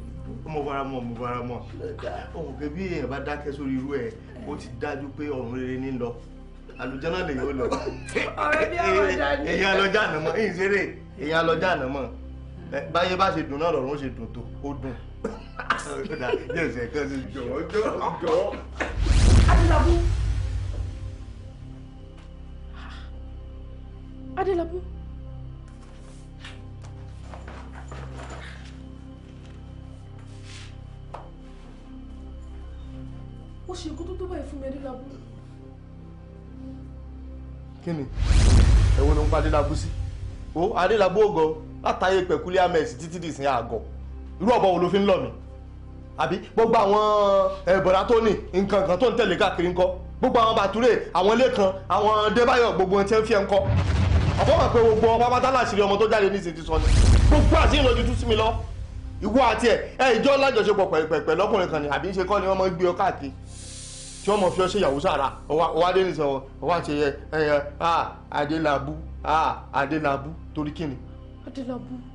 ọmọ fara mọ ọmọ fara mọ ọmọ kẹ bí èèyàn bá dákẹ́ sórí irú ẹ̀ ó ti dájú pé ọ̀run rere ní lọ àlùjọ́nà lè yóò lọ. ọ̀rẹ́ bí àwọn ọjà ni. èèyàn lọ́jà ànàmọ́ èyí ṣeré èèyàn lọ́jà ànàmọ́ báyé bá ṣe dùn náà lọ́rùn ó ṣe Ọ̀dà yóò ṣe kán sí jọ̀wọ́ jọ̀wọ́ jọ̀wọ́. Adélabú. Adélabú. Ó ṣe nǹkan tó tó báyìí fún mi Adélabú. Kí ni? Ẹ̀wọ̀n ló ń pa Adélabú sí. Ó Adélabú ògọ̀ látàyè pẹ̀kúlé Amex títí dìsín àgọ̀. Irú ọ̀bọ wo ló fi ń lọ mi? àbí gbogbo àwọn ẹ̀bọ̀dá tó ní nǹkan kan tó ń tẹ̀lé káàkiri ńkọ́ gbogbo àwọn bàtúrè àwọn lẹ́kan àwọn débáyọ̀ gbogbo ohun tí ń fi ẹ̀ ńkọ́ ọ̀pọ̀ mọ̀ pé gbogbo ọmọ pátá láṣìírí ọmọ tó jáde ní ìsìn ti sọ ni gbogbo àti ìlọjú tú sí mi lọ ìwọ àti ẹ ẹ ìjọ lájọṣepọ̀ pẹ̀pẹ̀pẹ̀ lọ́kùnrin kan ni àbí ṣe kọ́ ni wọ́n máa ń gbé ọ káàkiri tí wọ́n mọ̀ fi ọ ṣe ìyàwó sára ọwá dé nìṣẹ́ wọn ọwá ṣe ẹ ẹ adélábù adélábù torí kíni. adélábù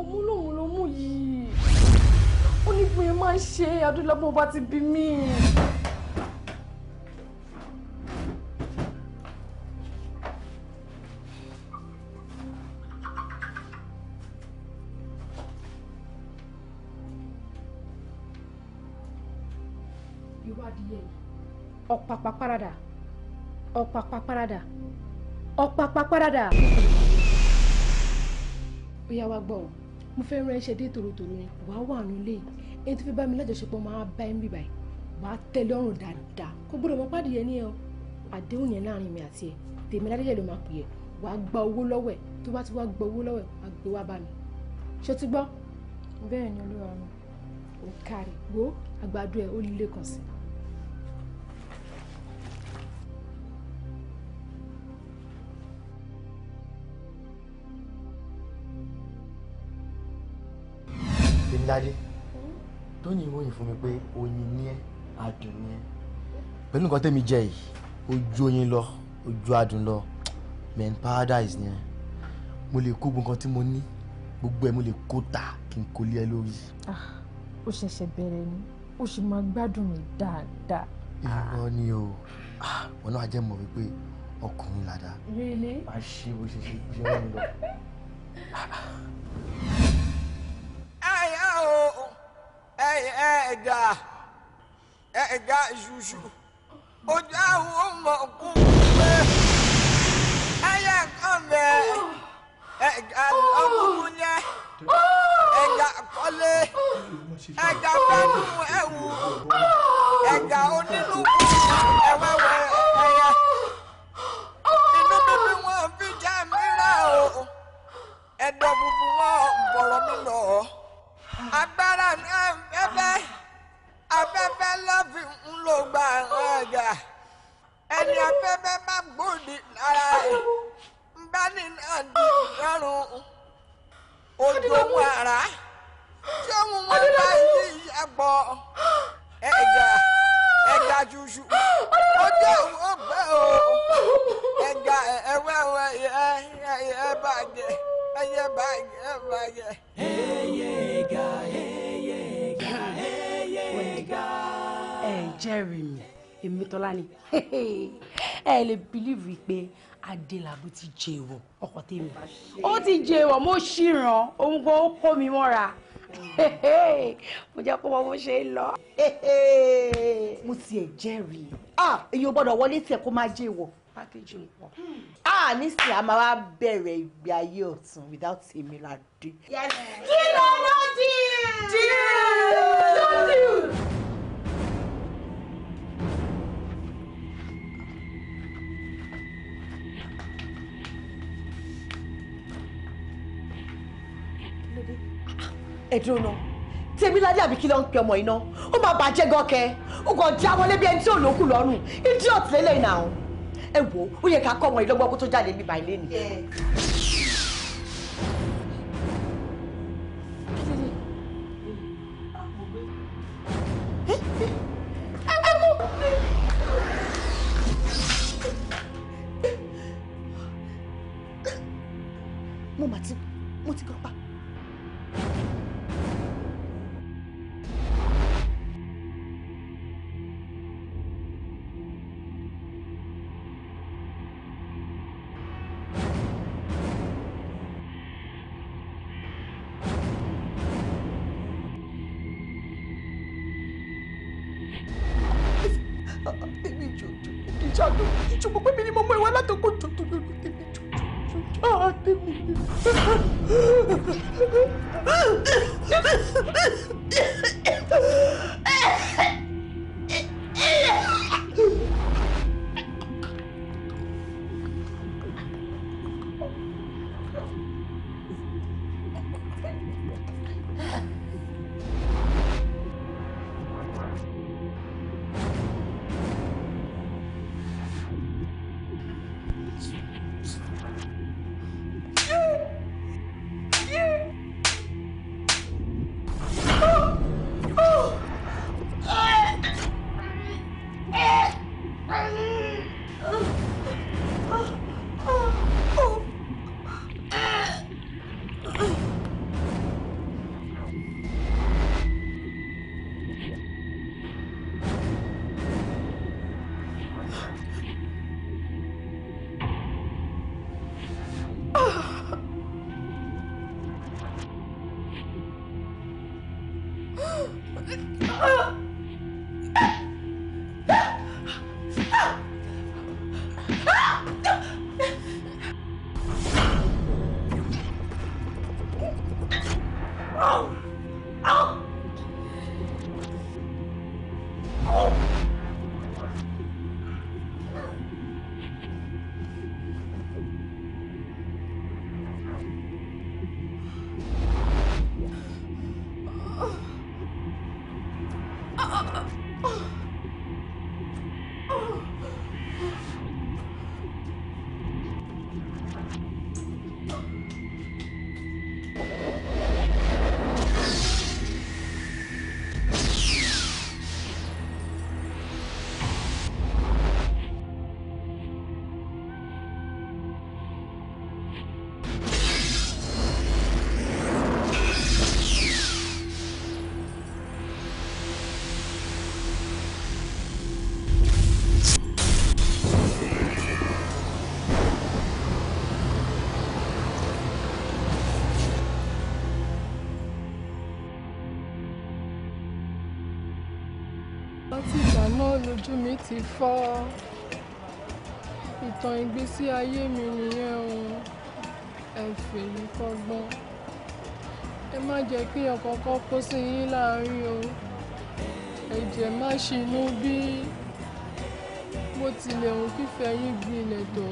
ọmú lòun ló mú yìí ó ní bí mo máa ń ṣe adúlábọ̀ bá ti bí mí. ọ̀pàpà parada ọ̀pàpà parada wá gbọ́ ọ mo fẹ́ rán iṣẹ́ dé tòrótòró ni wà á wà nù lé ẹni tó fẹ́ bá mi lájọṣepọ̀ máa bá ẹ̀ ń bìbà yìí wà á tẹ́lẹ̀ ọ̀rùn dáadáa kó gbọ́dọ̀ mọ́ pàdé yẹn ní ẹ àdéhùn yẹn láàrin mi àti ẹ tèmi ládéjẹ́ ló máa pè ẹ wà á gba owó lọ́wọ́ ẹ tó bá ti wá gba owó lọ́wọ́ ẹ wà á gbé wá bá mi ṣé o ti gbọ́. bẹ́ẹ̀ ni olúwa mi ò kárí wo àgbàdo ẹ ó líle kàn sí i. Tèmíládé tó ní ìròyìn fún mi pé oyin ni ẹ adùn ni ẹ pẹ̀lú nǹkan tèmi jẹ yìí ojú oyin lọ ojú adùn lọ men paradise ni ẹ mo lè kó gbogbo nǹkan tí mo ní gbogbo ẹ mo lè kó tà kí n kó lé ẹ lórí. Ah, ó ṣẹ̀ṣẹ̀ bẹ̀rẹ̀ ni ó sì máa gbádùn mi dáadáa. irọ́ ni o ah, wọn náà jẹ́ mọ̀ wípé ọkùnrin làdá. really. a ṣe bó ṣe ṣe jẹ́ ọ́ lọ. ɛyɛ ɛɛda ɛɛda zuzu ojú àwọn ọmọ kún pé ɛyɛ nǹkan bẹ́ẹ̀ ɛɛda lọ́kùnrin yẹ ɛɛda kọ́lé ega bẹ́ẹ̀nu ẹ̀wù ɛɛda onílùkù ẹ̀wẹ̀wẹ̀ agbára afẹ́fẹ́ afẹ́fẹ́ lọ́fì ń lò gba àwọn àgbà ẹni afẹ́fẹ́ bá gbòdì lára ẹ̀ ń bá nínú àdì lọ́rùn ojú ohun àrá tí ohun wọn bá ilé ìyàgbọ́ ẹ̀gà ẹ̀gà jùjù ojú àwọn ọgbẹ o ẹ̀gà ẹwẹ́wẹ́ ẹ̀yẹ bàjẹ́ ẹ̀yẹ bàjẹ́ bàjẹ́. ṣẹ́rìí mi èmi tọ́lá ni ẹ lè bílíìfù pé adélábù ti jẹ ìwọ ọkọ tèmi ó ti jẹ ìwọ mo ṣìràn òun gan ó kó mi mọ́ra mo jẹ́ kó mọ bó ṣe ń lọ. mo tiẹ̀ jẹ́rìí èyí ò gbọ́dọ̀ wọlé tiẹ̀ kó má jẹ́ ìwọ pákéjì ń pọ̀. a nísìnyí a máa wá bẹ̀rẹ̀ ìgbé ayé ọ̀tún without Emilade. kí ló ló dì í. ẹ dúró náà tèmíládé àbí kí ló ń pe ọmọ iná ó máa bàjẹ́ gọ́kẹ́ ó kàn já wọlé bí ẹni tí ò lókù lọ́rùn idiot lélẹ̀ náà ẹ wò ó yẹ ká kọ́ ọmọ ìlọ́gbọ́n kó tó jáde bíbá ilé ni. mọ́ lójú mi ti fọ́ ìtàn ìgbésí ayé mi nìyẹn o ẹ fèyí kọ́gbọ́n ẹ má jẹ́ kí ọ̀kọ̀ọ̀kan kó sí yín láàárín o ẹ̀jẹ̀ má ṣinú bí mo tilẹ̀ ń fífẹ́ yín gbilẹ̀ tó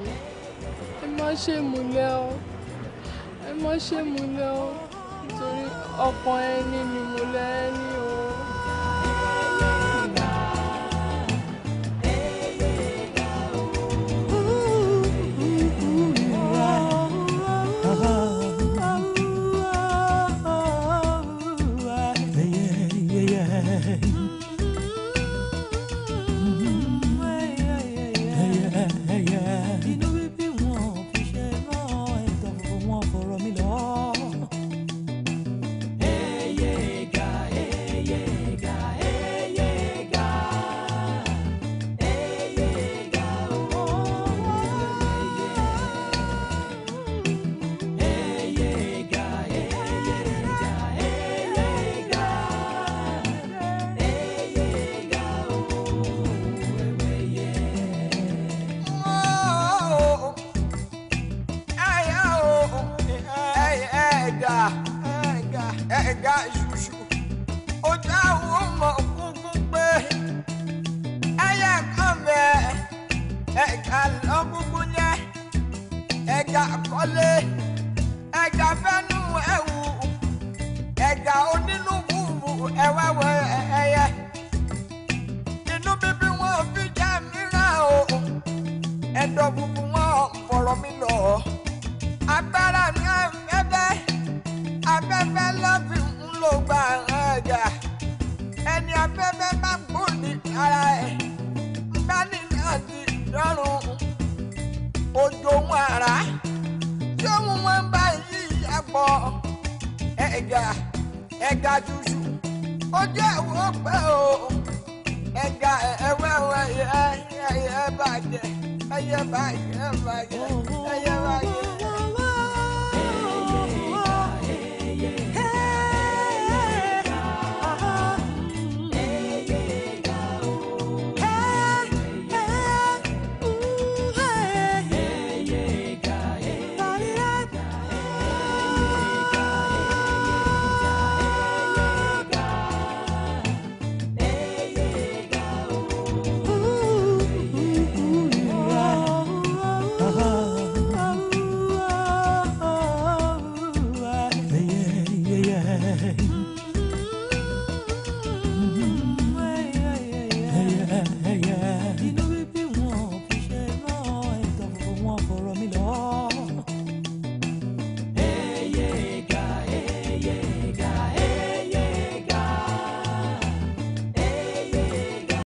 ẹ má ṣe múlẹ̀ o ẹ má ṣe múlẹ̀ o nítorí ọkàn ẹni ni múlẹ̀ ẹni o. time.